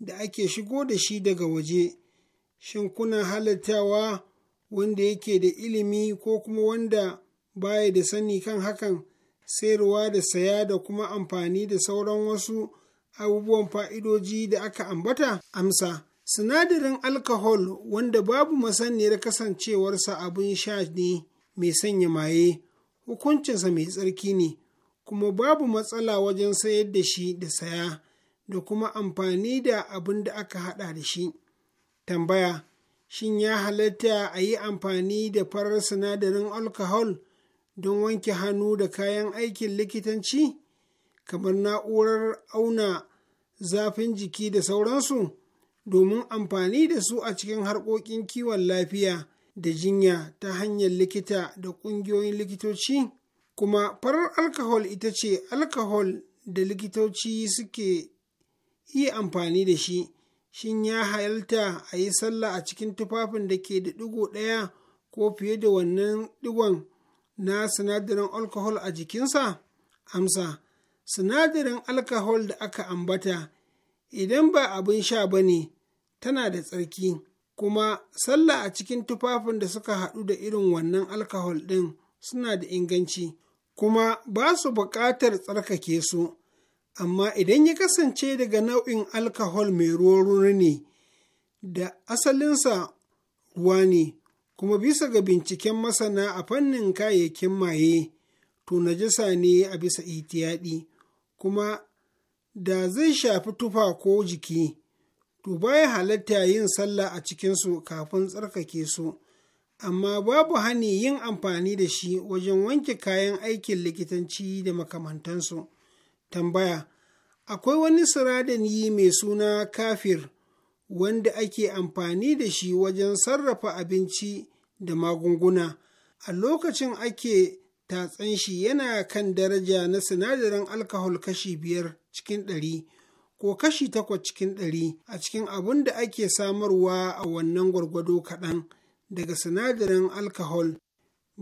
da ake shigo da shi daga waje shin kuna halattawa wanda yake da ilimi ko kuma wanda baya da sani kan hakan sayarwa da saya da kuma amfani da sauran wasu abubuwan fa'idoji da aka ambata amsa Sinadarin alkahol wanda babu masaniyar kasancewarsa abin sha ne mai sanya maye, hukuncinsa mai tsarki ne, kuma babu matsala wajen sayar da shi da saya da kuma amfani da abin da aka haɗa da shi. Tambaya, shin ya halatta a yi amfani da farar sinadarin alkahol don wanke hannu da kayan aikin likitanci, kamar na'urar auna zafin jiki da sauransu? domin amfani da su a cikin harkokin kiwon lafiya da jinya ta hanyar likita da ƙungiyoyin likitoci kuma farar alkahol ita ce alkahol da likitoci suke iya amfani da shi shin ya halarta a yi sallah a cikin tufafin da ke da digo ɗaya ko fiye da wannan digon na sinadarin alkahol a jikinsa amsa sinadarin alkahol da aka ambata idan ba abin sha ba ne tana da tsarki kuma sallah a cikin tufafin da suka haɗu da irin wannan alkahol ɗin suna da inganci kuma ba su buƙatar tsarkake su amma idan ya kasance daga nau'in alkahol mai ruwa ne da asalinsa ruwa ne kuma bisa ga binciken masana a fannin kayayyakin maye to najasa ne a bisa itiyadi kuma da zai shafi tufa ko jiki, to baya halatta yin sallah a cikinsu kafin tsarkake su, amma babu hani yin amfani da shi wajen wanke kayan aikin likitanci da makamantansu. Tambaya, akwai wani siradani mai suna kafir wanda ake amfani da shi wajen sarrafa abinci da magunguna, a lokacin ake tatsan shi yana kan daraja na sinadarin alkahol kashi biyar. cikin ɗari ko kashi takwas cikin ɗari a cikin abin da ake samarwa a wannan gwargwado kaɗan daga sinadarin alkahol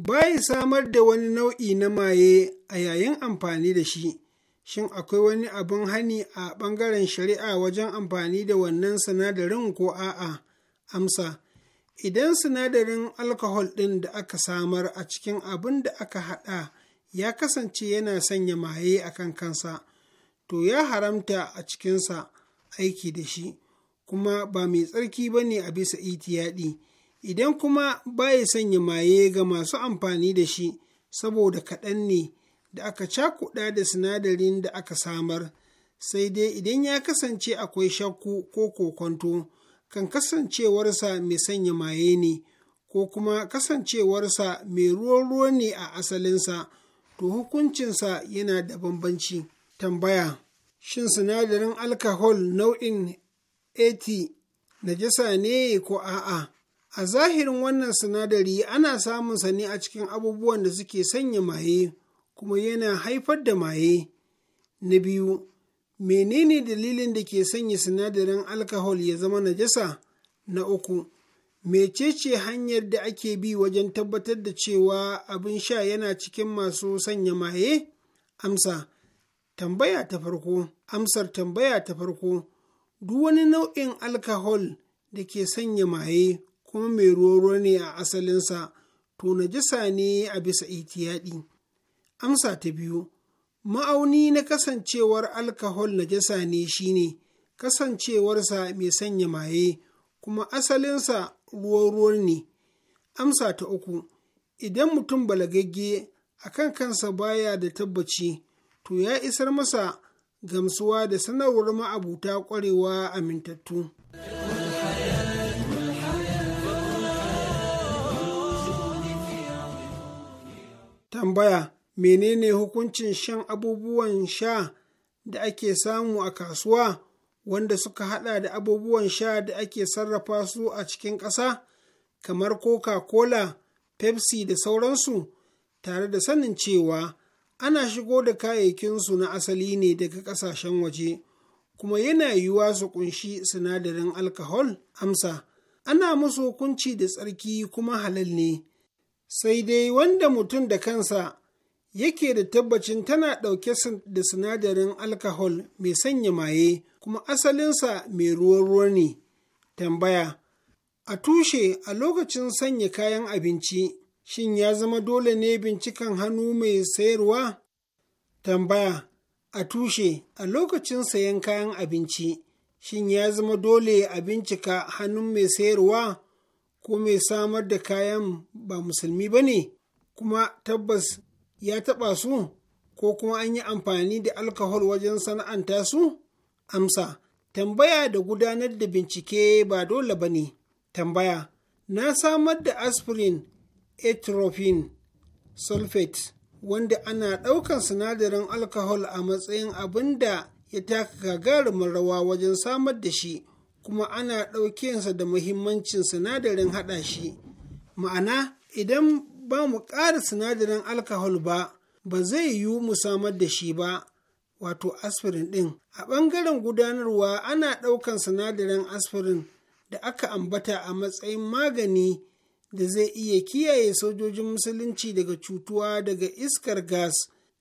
ya samar da wani nau'i na maye a yayin amfani da shi shin akwai wani abin hani a ɓangaren shari'a wajen amfani da wannan sinadarin ko a'a amsa idan sinadarin alkahol ɗin da aka samar a cikin abin da aka haɗa ya kasance yana sanya maye a kan kansa to ya haramta a cikinsa aiki da shi kuma ba mai tsarki ba ne a bisa itiyaɗi idan kuma baya sanya maye ga masu amfani da shi saboda kaɗan ne da aka cakuɗa da sinadarin da aka samar sai dai idan ya kasance akwai shakku ko kokonto kan kasancewarsa mai sanya maye ne ko kuma kasancewarsa mai ruwa-ruwa ne a asalinsa to hukuncinsa yana da bambanci. tambaya shin sinadarin alkahol nau'in 80 najasa ne ko a'a a zahirin wannan sinadari ana samun sa ne a cikin abubuwan da suke sanya maye kuma yana haifar da maye na biyu menene dalilin da ke sanya sinadarin alkahol ya zama najasa na uku mecece hanyar da ake bi wajen tabbatar da cewa abin sha yana cikin masu sanya maye amsa Tambaya ta farko, amsar tambaya ta farko, duk wani nau'in alkahol da ke sanya maye kuma mai ruwa ne a asalinsa, to najasa ne a bisa itiyaɗi. Amsa ta biyu, ma'auni na kasancewar alkahol najasa ne shine kasancewarsa mai sanya maye kuma asalinsa ruwa-ruwan ne. Amsa ta uku, idan mutum balagagge akan kan kansa baya da tabbaci to ya isar masa gamsuwa da sanarwar ma'abuta ƙwarewa mintattu. Tambaya menene hukuncin shan abubuwan sha da ake samu a kasuwa wanda suka hada da abubuwan sha da ake sarrafa su a cikin ƙasa kamar coca-cola pepsi da sauransu tare da sanin cewa ana shigo da kayayyakinsu na asali ne daga ƙasashen waje kuma yana yiwuwa su kunshi sinadarin alkahol amsa ana musu hukunci da tsarki kuma halal ne sai dai wanda mutum da kansa yake da tabbacin tana ɗauke da sinadarin alkahol mai sanya maye kuma asalinsa mai ruwan ruwa ne tambaya a tushe a lokacin sanya kayan abinci shin ya zama dole ne binciken hannu mai sayarwa? Tambaya, a tushe, a lokacin sayan kayan abinci, shin ya zama dole a bincika hannun mai sayarwa ko mai samar da kayan ba musulmi ba ne, kuma tabbas ya taɓa su, ko kuma an yi amfani da alkahol wajen sana'anta su? Amsa, tambaya da gudanar da bincike ba dole ba ne. Tambaya, na samar da aspirin atropine sulfate wanda ana ɗaukan sinadarin alkahol a matsayin abin da ya taka gagarumin rawa wajen samar da shi kuma ana ɗaukensa da muhimmancin sinadarin haɗa shi ma'ana idan ba mu ƙara sinadarin alkahol ba ba zai yiwu mu samar da shi ba wato aspirin ɗin a ɓangaren gudanarwa ana ɗaukan sinadarin aspirin da aka ambata a matsayin magani da zai iya kiyaye sojojin musulunci daga cutuwa daga iskar gas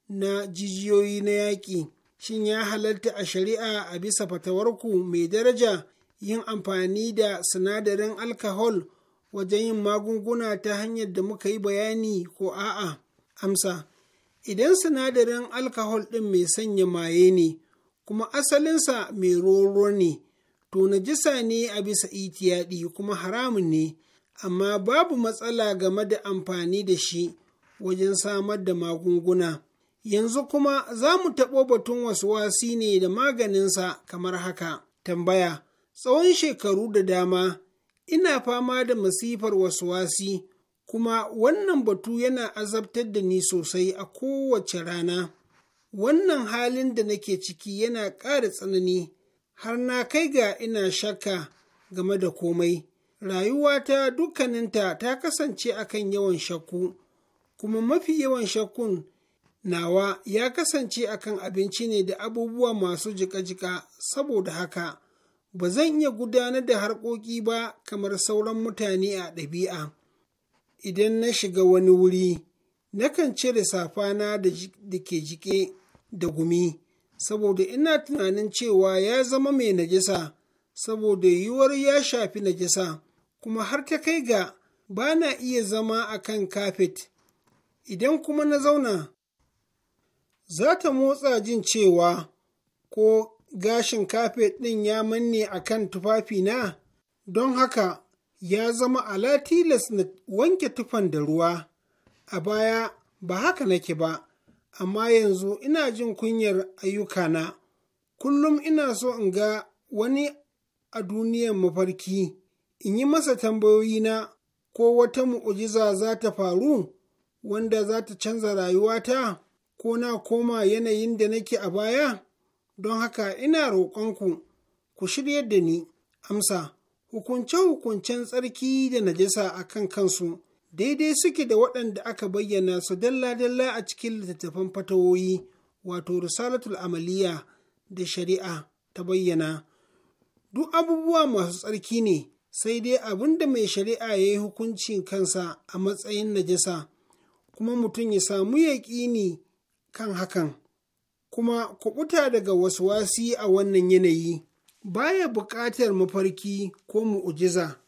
na jijiyoyi na yaƙi shin ya halarta a shari'a a bisa fatawarku mai daraja yin amfani da sinadarin alkahol wajen yin magunguna ta hanyar da muka yi bayani ko a'a amsa idan sinadarin alkahol ɗin mai sanya maye ne kuma asalinsa mai roro ne to najisa ne a bisa itiyaɗi kuma haramun ne amma babu matsala game da amfani da shi wajen samar da magunguna. Yanzu kuma za mu taɓo batun wasu wasi ne da maganinsa kamar haka. Tambaya, tsawon shekaru da dama, ina fama da masifar wasu wasi. kuma wannan batu yana azabtar da ni sosai a kowace rana. Wannan halin da nake ciki yana ƙara tsanani, har na kai ga ina shakka game da komai. rayuwata dukkaninta ta kasance akan yawan shakku kuma mafi yawan shakkun nawa ya kasance akan abinci ne da abubuwa masu jika-jika saboda haka ba zan iya gudanar da harkoki ba kamar sauran mutane a ɗabi'a idan na shiga wani wuri nakan cire safana da ke jike da gumi saboda ina tunanin cewa ya zama mai najisa saboda yiwuwar ya shafi najisa kuma har ta kai ga ba na iya zama a kan kafet, idan kuma na zauna, za ta motsa jin cewa ko gashin kafet ɗin ya manne a kan tufafina, don haka ya zama ala tilas na wanke tufan da ruwa. A baya ba haka nake ba, amma yanzu ina jin kunyar ayyukana, kullum ina so in ga wani a duniyan mafarki. in yi masa tambayoyi na ko wata mu'ujiza za ta faru wanda za ta canza rayuwata ko na koma yanayin da nake a baya don haka ina roƙonku ku shirya da ni amsa hukunce-hukuncen tsarki da najasa a kan kansu daidai suke da waɗanda aka bayyana su dalla-dalla a cikin littattafan fatawoyi wato risalatul amaliya da shari'a ta bayyana duk abubuwa masu tsarki ne sai dai abin da mai shari'a ya yi hukuncin kansa a matsayin najasa kuma mutum ya samu yaƙini kan hakan kuma kuɓuta daga wasu wasi a wannan yanayi baya buƙatar mafarki ko mu'ujiza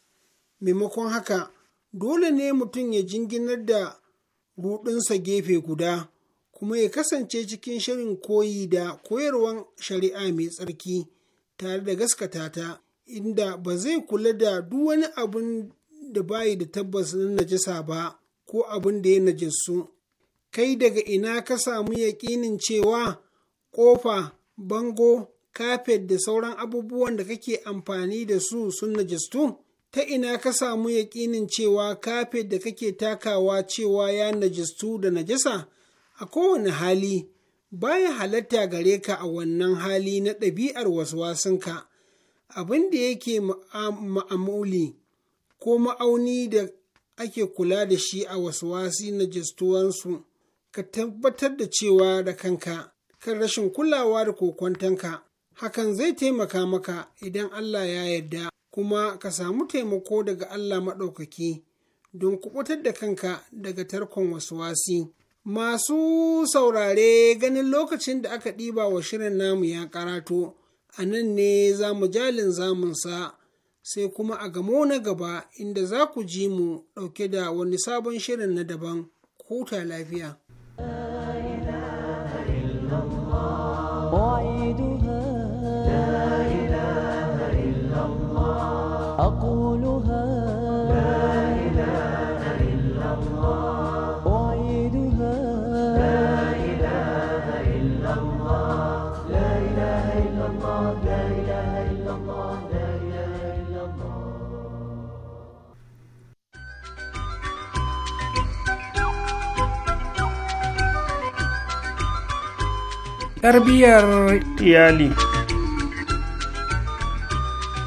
maimakon haka dole ne mutum ya jinginar da ruɗinsa gefe guda kuma ya kasance cikin shirin koyi da koyarwan shari'a mai tsarki tare da gaskata ta inda ba zai kula da duk wani abun da bayi da tabbas na najisa ba ko abin da ya najisu kai daga ina ka samu yaƙinin cewa ƙofa bango kafet da sauran abubuwan da kake amfani da su sun najistu ta ina ka samu yaƙinin cewa kafet da kake takawa cewa ya najistu da najisa? a kowane hali baya halatta gare ka a wannan hali na ɗabi'ar waswasinka abin da yake ma'amuli ko ma'auni da ake kula da shi a wasu wasi na jistuwansu ka tabbatar da cewa da kanka kan rashin kulawa da kokwantanka hakan zai taimaka maka idan Allah ya yarda kuma ka samu taimako daga Allah maɗaukaki don kubutar da kanka daga tarkon wasu wasi. Masu saurare ganin lokacin da aka ɗiba wa shirin namu ya karato, a nan ne za mu jalin zamunsa sai kuma a gamo na gaba inda za ku ji mu ɗauke da wani sabon shirin na daban huta lafiya. tarbiyyar iyali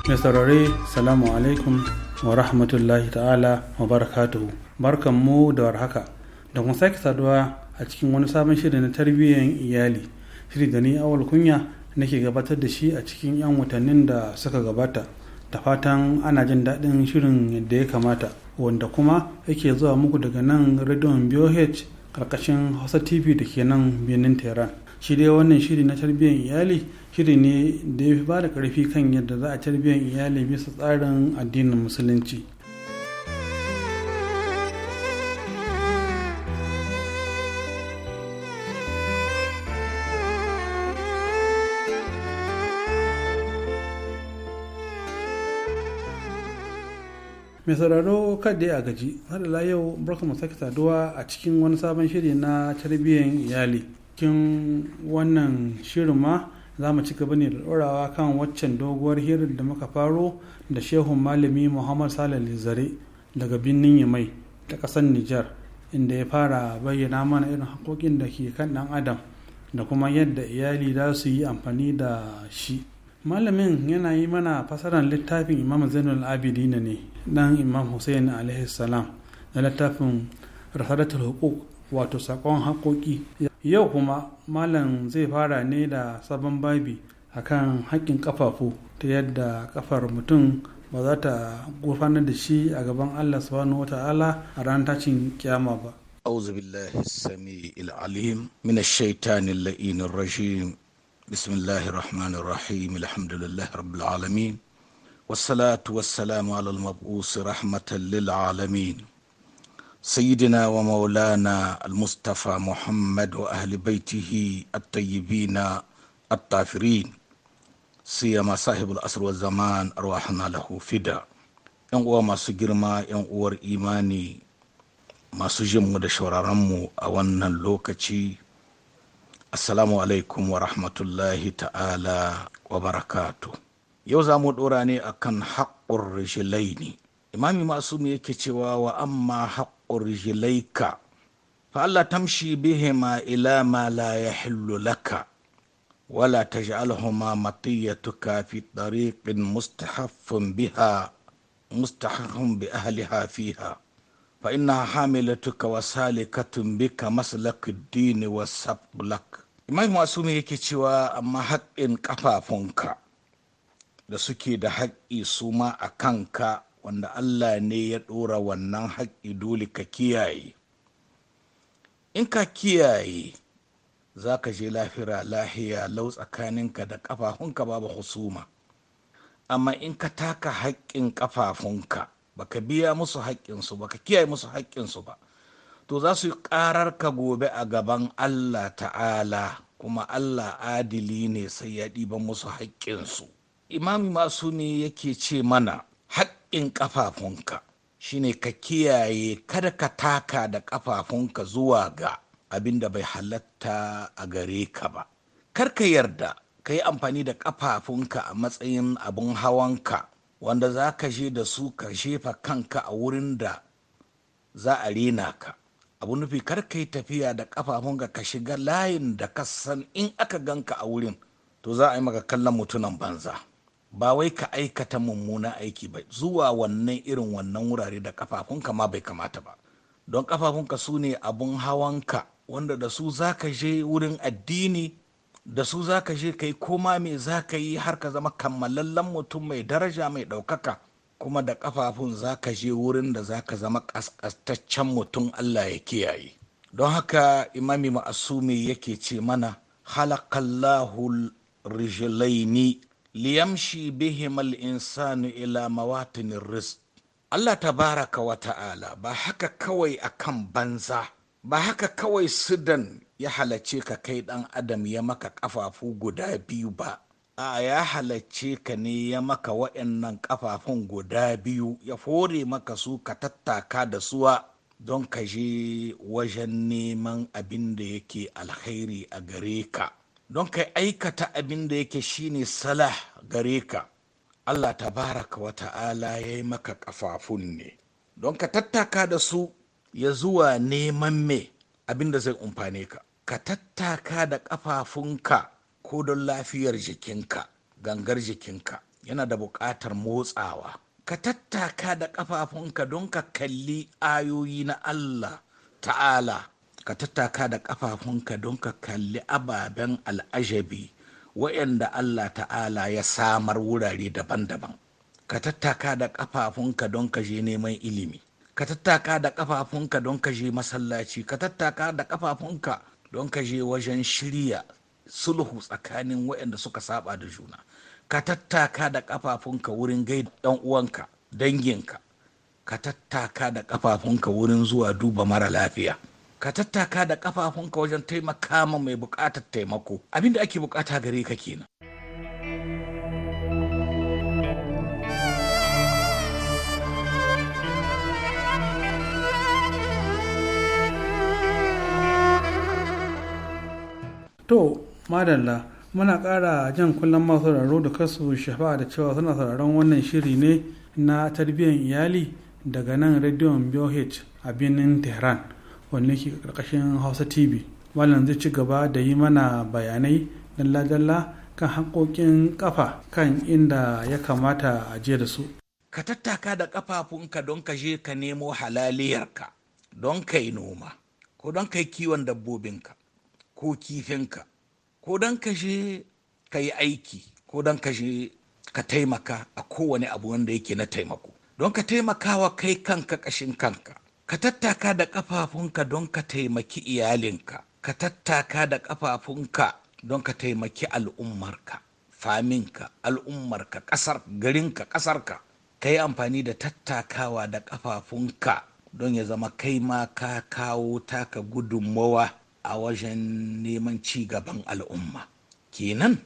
mai saurare salamu alaikum wa rahmatullahi ta'ala wa barakatuhu barkan mu da warhaka da kuma sake saduwa a cikin wani sabon shiri na tarbiyyar iyali shiri da ni awal kunya nake gabatar da shi a cikin 'yan watannin da suka gabata da fatan ana jin daɗin shirin yadda ya kamata wanda kuma yake zuwa muku daga nan rediyon BOH karkashin Hausa TV da ke nan birnin Tehran. shi dai wannan shiri na tarbiyyar iyali shiri ne da ya fi ba da ƙarfi kan yadda za a tarbiyyar iyali bisa tsarin addinin musulunci mai sauraro kadai a gaji har yau barka mu sake saduwa a cikin wani sabon shiri na tarbiyyar iyali cikin wannan shirin ma za mu ci gaba ne da ɗorawa kan waccan doguwar hirar da muka faro da shehun malami muhammad salih zare daga birnin yamai ta ƙasar nijar inda ya fara bayyana mana irin haƙoƙin da ke kan ɗan adam da kuma yadda iyali za su yi amfani da shi malamin yana yi mana fasarar littafin imam zainul abidina ne dan imam hussein alaihi salam da littafin rasadatul hukuk wato sakon haƙoƙi yau kuma malam zai fara ne da sabon babi a kan haƙƙin kafafu ta yadda kafar mutum ba za ta gurfanar da shi a gaban Allah subhanahu wa ta'ala a ran tacin ba. A'udhu billahi samii alim min ash-shaytanir rajim. Bismillahir rahim. Alhamdulillahi rabbil alamin. Wassalatu wassalamu ala al-mab'us rahmatan lil'alamin سيدنا ومولانا المصطفى محمد وأهل بيته الطيبين الطاهرين سيما صاحب الأسر والزمان أرواحنا له فدا ‘yan uwa masu girma ‘yan uwar imani masu jin mu da mu a wannan lokaci asalamu alaikum wa rahmatullahi ta'ala wa barakatu yau zamu mu ɗora ne akan haƙƙun ne. imami masu yake cewa wa amma haƙƙun urhilaika fa'alla tamshi bihima ila ma la laka wala taj'alhuma matiyatuka fi tariqin mustahaffun biha mustahaffun bi ahliha fiha fa bika maslakid din wa sabbulak imam masumi yake ƙafafunka da suke da haƙƙi su a kanka wanda Allah ne ya ɗora wannan haƙƙi dole ka kiyaye in ka kiyaye za ka je lafira lahiya lau tsakaninka da ƙafafunka babu husuma amma in ka taka haƙƙin ƙafafunka ba ka biya musu haƙƙinsu ba ka kiyaye musu haƙƙinsu ba to za su yi ƙarar ka gobe a gaban Allah ta'ala kuma Allah adili ne sai ya ɗiba musu haƙƙinsu imami masu ne yake ce mana haƙƙi in ƙafafunka shine ka kiyaye kada ka taka da ƙafafunka zuwa ga abin da bai halatta a gare ka ba kar ka yarda ka yi amfani da ƙafafunka a matsayin abin hawanka wanda za ka je da su ka shefa kanka a wurin da za a rena ka abu nufi kar ka yi tafiya da ƙafafunka ka shiga layin da ka san in aka ganka a wurin to za a yi maka kallon mutunan banza. ba wai ka aikata mummunan aiki ba zuwa wannan irin wannan wurare da kafafunka ma bai kamata ba don kafafunka su ne abun hawanka wanda da su za ka je wurin addini da su za ka je ka yi koma me za ka yi har ka zama kammalallen mutum mai daraja mai ɗaukaka kuma da kafafun za ka je wurin da za ka zama ƙasƙastaccen mutum allah ya kiyaye don haka imami ma'asumi yake ce mana halakallahu rijilaini liyamshi bihim insanu ila mawatinin rizq Allah ta baraka wa ta'ala ba haka kawai akan banza ba haka kawai sidan ya halace ka kai ɗan adam ya maka kafafu guda biyu ba a ya halace ka ne ya maka nan kafafun guda biyu ya fore maka su ka tattaka da suwa don ka je wajen neman abin da yake alkhairi a gare ka don ka aikata abin da yake shine salah gare ka allah tabaraka wa ta'ala ya yi maka kafafun ne don ka tattaka da su ya zuwa neman me abin da zai umfane ka ka tattaka da kafafunka ko don lafiyar jikinka gangar jikinka yana da buƙatar motsawa ka tattaka da ƙafafunka don ka kalli ayoyi na Allah ta'ala ka tattaka da kafafunka don ka kalli ababen al'ajabi wa'yanda Allah ta'ala ya samar wurare daban-daban ka tattaka da kafafunka don ka je neman ilimi ka tattaka da kafafunka don ka je masallaci ka tattaka da kafafunka don ka je wajen shirya sulhu tsakanin waɗanda suka saba da juna ka tattaka da kafafunka wurin gai ɗan uwanka danginka ka tattaka da kafafunka wurin zuwa duba mara lafiya ka tattaka da kafafunka wajen taimaka ma mai bukatar taimako abinda ake bukata gare ka kenan to madalla muna ƙara jan kullum masu sauraro da kasu shafa da cewa suna sauraron wannan shiri ne na tarbiyyar iyali daga nan rediyon bioh a birnin tehran wannan ke karkashin hausa tv wannan zai ci gaba da yi mana bayanai dalla-dalla kan hankokin kafa kan inda ya kamata a je da su ka tattaka da kafafunka don ka je ka nemo halaliyarka don ka yi noma ko don ka yi kiwon dabbobinka ko kifinka ko don ka je ka yi aiki ko don ka je ka taimaka a kowane abu wanda yake na taimako don ka taimaka wa kai kanka kashin kanka ka tattaka da ƙafafunka don ka taimaki iyalinka ka tattaka da ƙafafunka don ka taimaki al'ummarka faminka al'ummarka ƙasar garinka ƙasarka ka yi amfani da tattakawa da ƙafafunka don ya zama kai ma ka kawo taka gudunmawa a wajen neman ci gaban al'umma kenan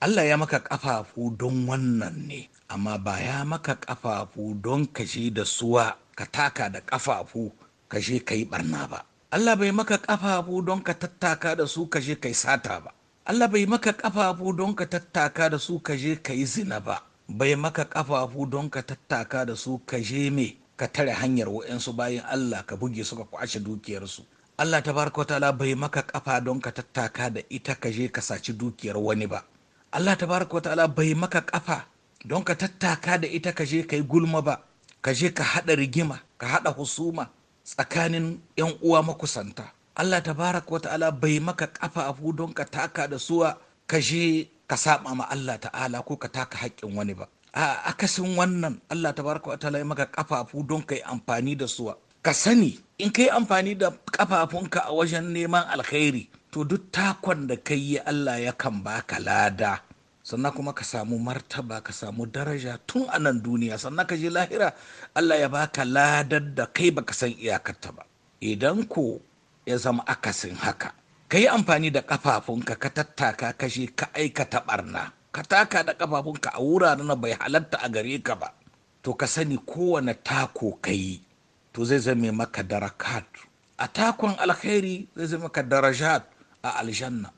allah ya maka ƙafafu don wannan ne amma ba ya maka ƙafafu don ka da suwa ka taka da ƙafafu ka je ka yi barna ba Allah bai maka ƙafafu don ka tattaka da su ka je ka yi sata ba Allah bai maka ƙafafu don ka tattaka da su ka je ka yi zina ba bai maka ƙafafu don ka tattaka da su ka je me ka tare hanyar waɗansu bayan Allah ka buge su ka kwashe dukiyarsu Allah tabaraka ta'ala bai maka ƙafa don ka tattaka da ita ka je ka saci dukiyar wani ba Allah tabaraka ta'ala bai maka ƙafa don ka tattaka da ita ka je ka yi gulma ba ka je ka haɗa rigima ka haɗa husuma tsakanin 'yan uwa makusanta Allah wa ta'ala bai maka kafa abu don ka taka da suwa ka je ka saba ma Allah ta'ala ko ka taka haƙƙin wani ba a akasin wannan Allah wa ta'ala ya maka kafafu don ka yi amfani da suwa ka sani in ka yi amfani da kafafunka a wajen neman alkhairi to duk takon da ka yi Allah ya yakan baka lada sannan kuma ka samu martaba ka samu daraja tun a nan duniya sannan ka je lahira Allah ya baka ladar da kai baka san iyakarta ba idan ko ya zama akasin haka ka yi amfani da kafafunka ka tattaka ka kashe ka aikata barna ka taka da kafafunka a wuraren na bai halatta a gare ka ba to ka sani kowane tako ka yi to zai zame maka darakat a takon alkhairi zai zame maka darajat a aljanna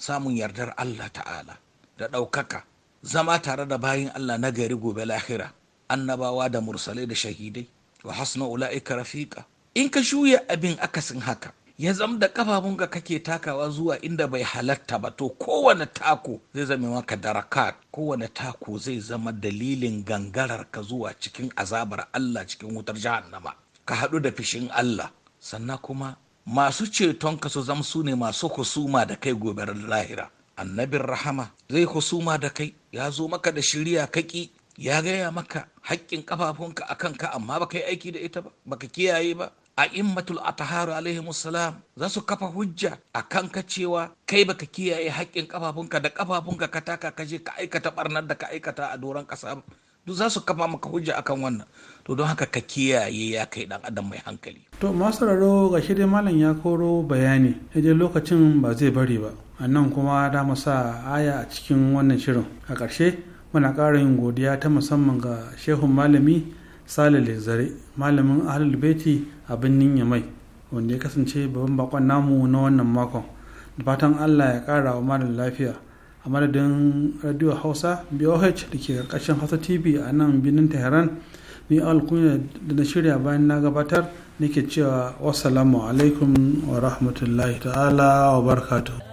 samun yardar Allah ta'ala da ɗaukaka zama tare da bayin Allah na gari gobe lahira annabawa da mursalai da shahidai wa hasna ula'ika rafiqa in ka shuya abin akasin haka ya zam da kafafun ka kake takawa zuwa inda bai halatta ba to kowane tako zai zama maka darakat kowane tako zai zama dalilin gangarar ka zuwa cikin azabar Allah cikin wutar jahannama ka haɗu da fishin Allah sannan kuma masu ceton ka su zama su ne masu husuma da kai gobe lahira annabin rahama zai husuma da kai ya zo maka da shirya kaki ya gaya maka haƙƙin ƙafafunka a kanka amma baka yi aiki da ita ba ka kiyaye ba a immatul ataharu alaihi musalam za su kafa hujja a kanka cewa kai ba ka kiyaye haƙƙin ƙafafunka da ƙafafunka ka taka kaje ka aikata barnar da ka aikata a doron ƙasa duk za su kama maka hujja akan wannan to don haka ka kiyaye ya kai dan adam mai hankali to masu raro ga shirin malam ya koro bayani idan lokacin ba zai bari ba a nan kuma da mu sa aya a cikin wannan shirin a ƙarshe muna ƙara yin godiya ta musamman ga shehun malami salil zare malamin ahlul beti a birnin yamai wanda ya kasance babban bakon namu na wannan makon da fatan allah ya ƙara wa malam lafiya a madadin radio hausa boh da ke karkashin hausa tv a nan birnin tehran ni alkunya da na shirya bayan na gabatar nake cewa wasu alaikum wa rahmatullahi ta'ala wa barkatu.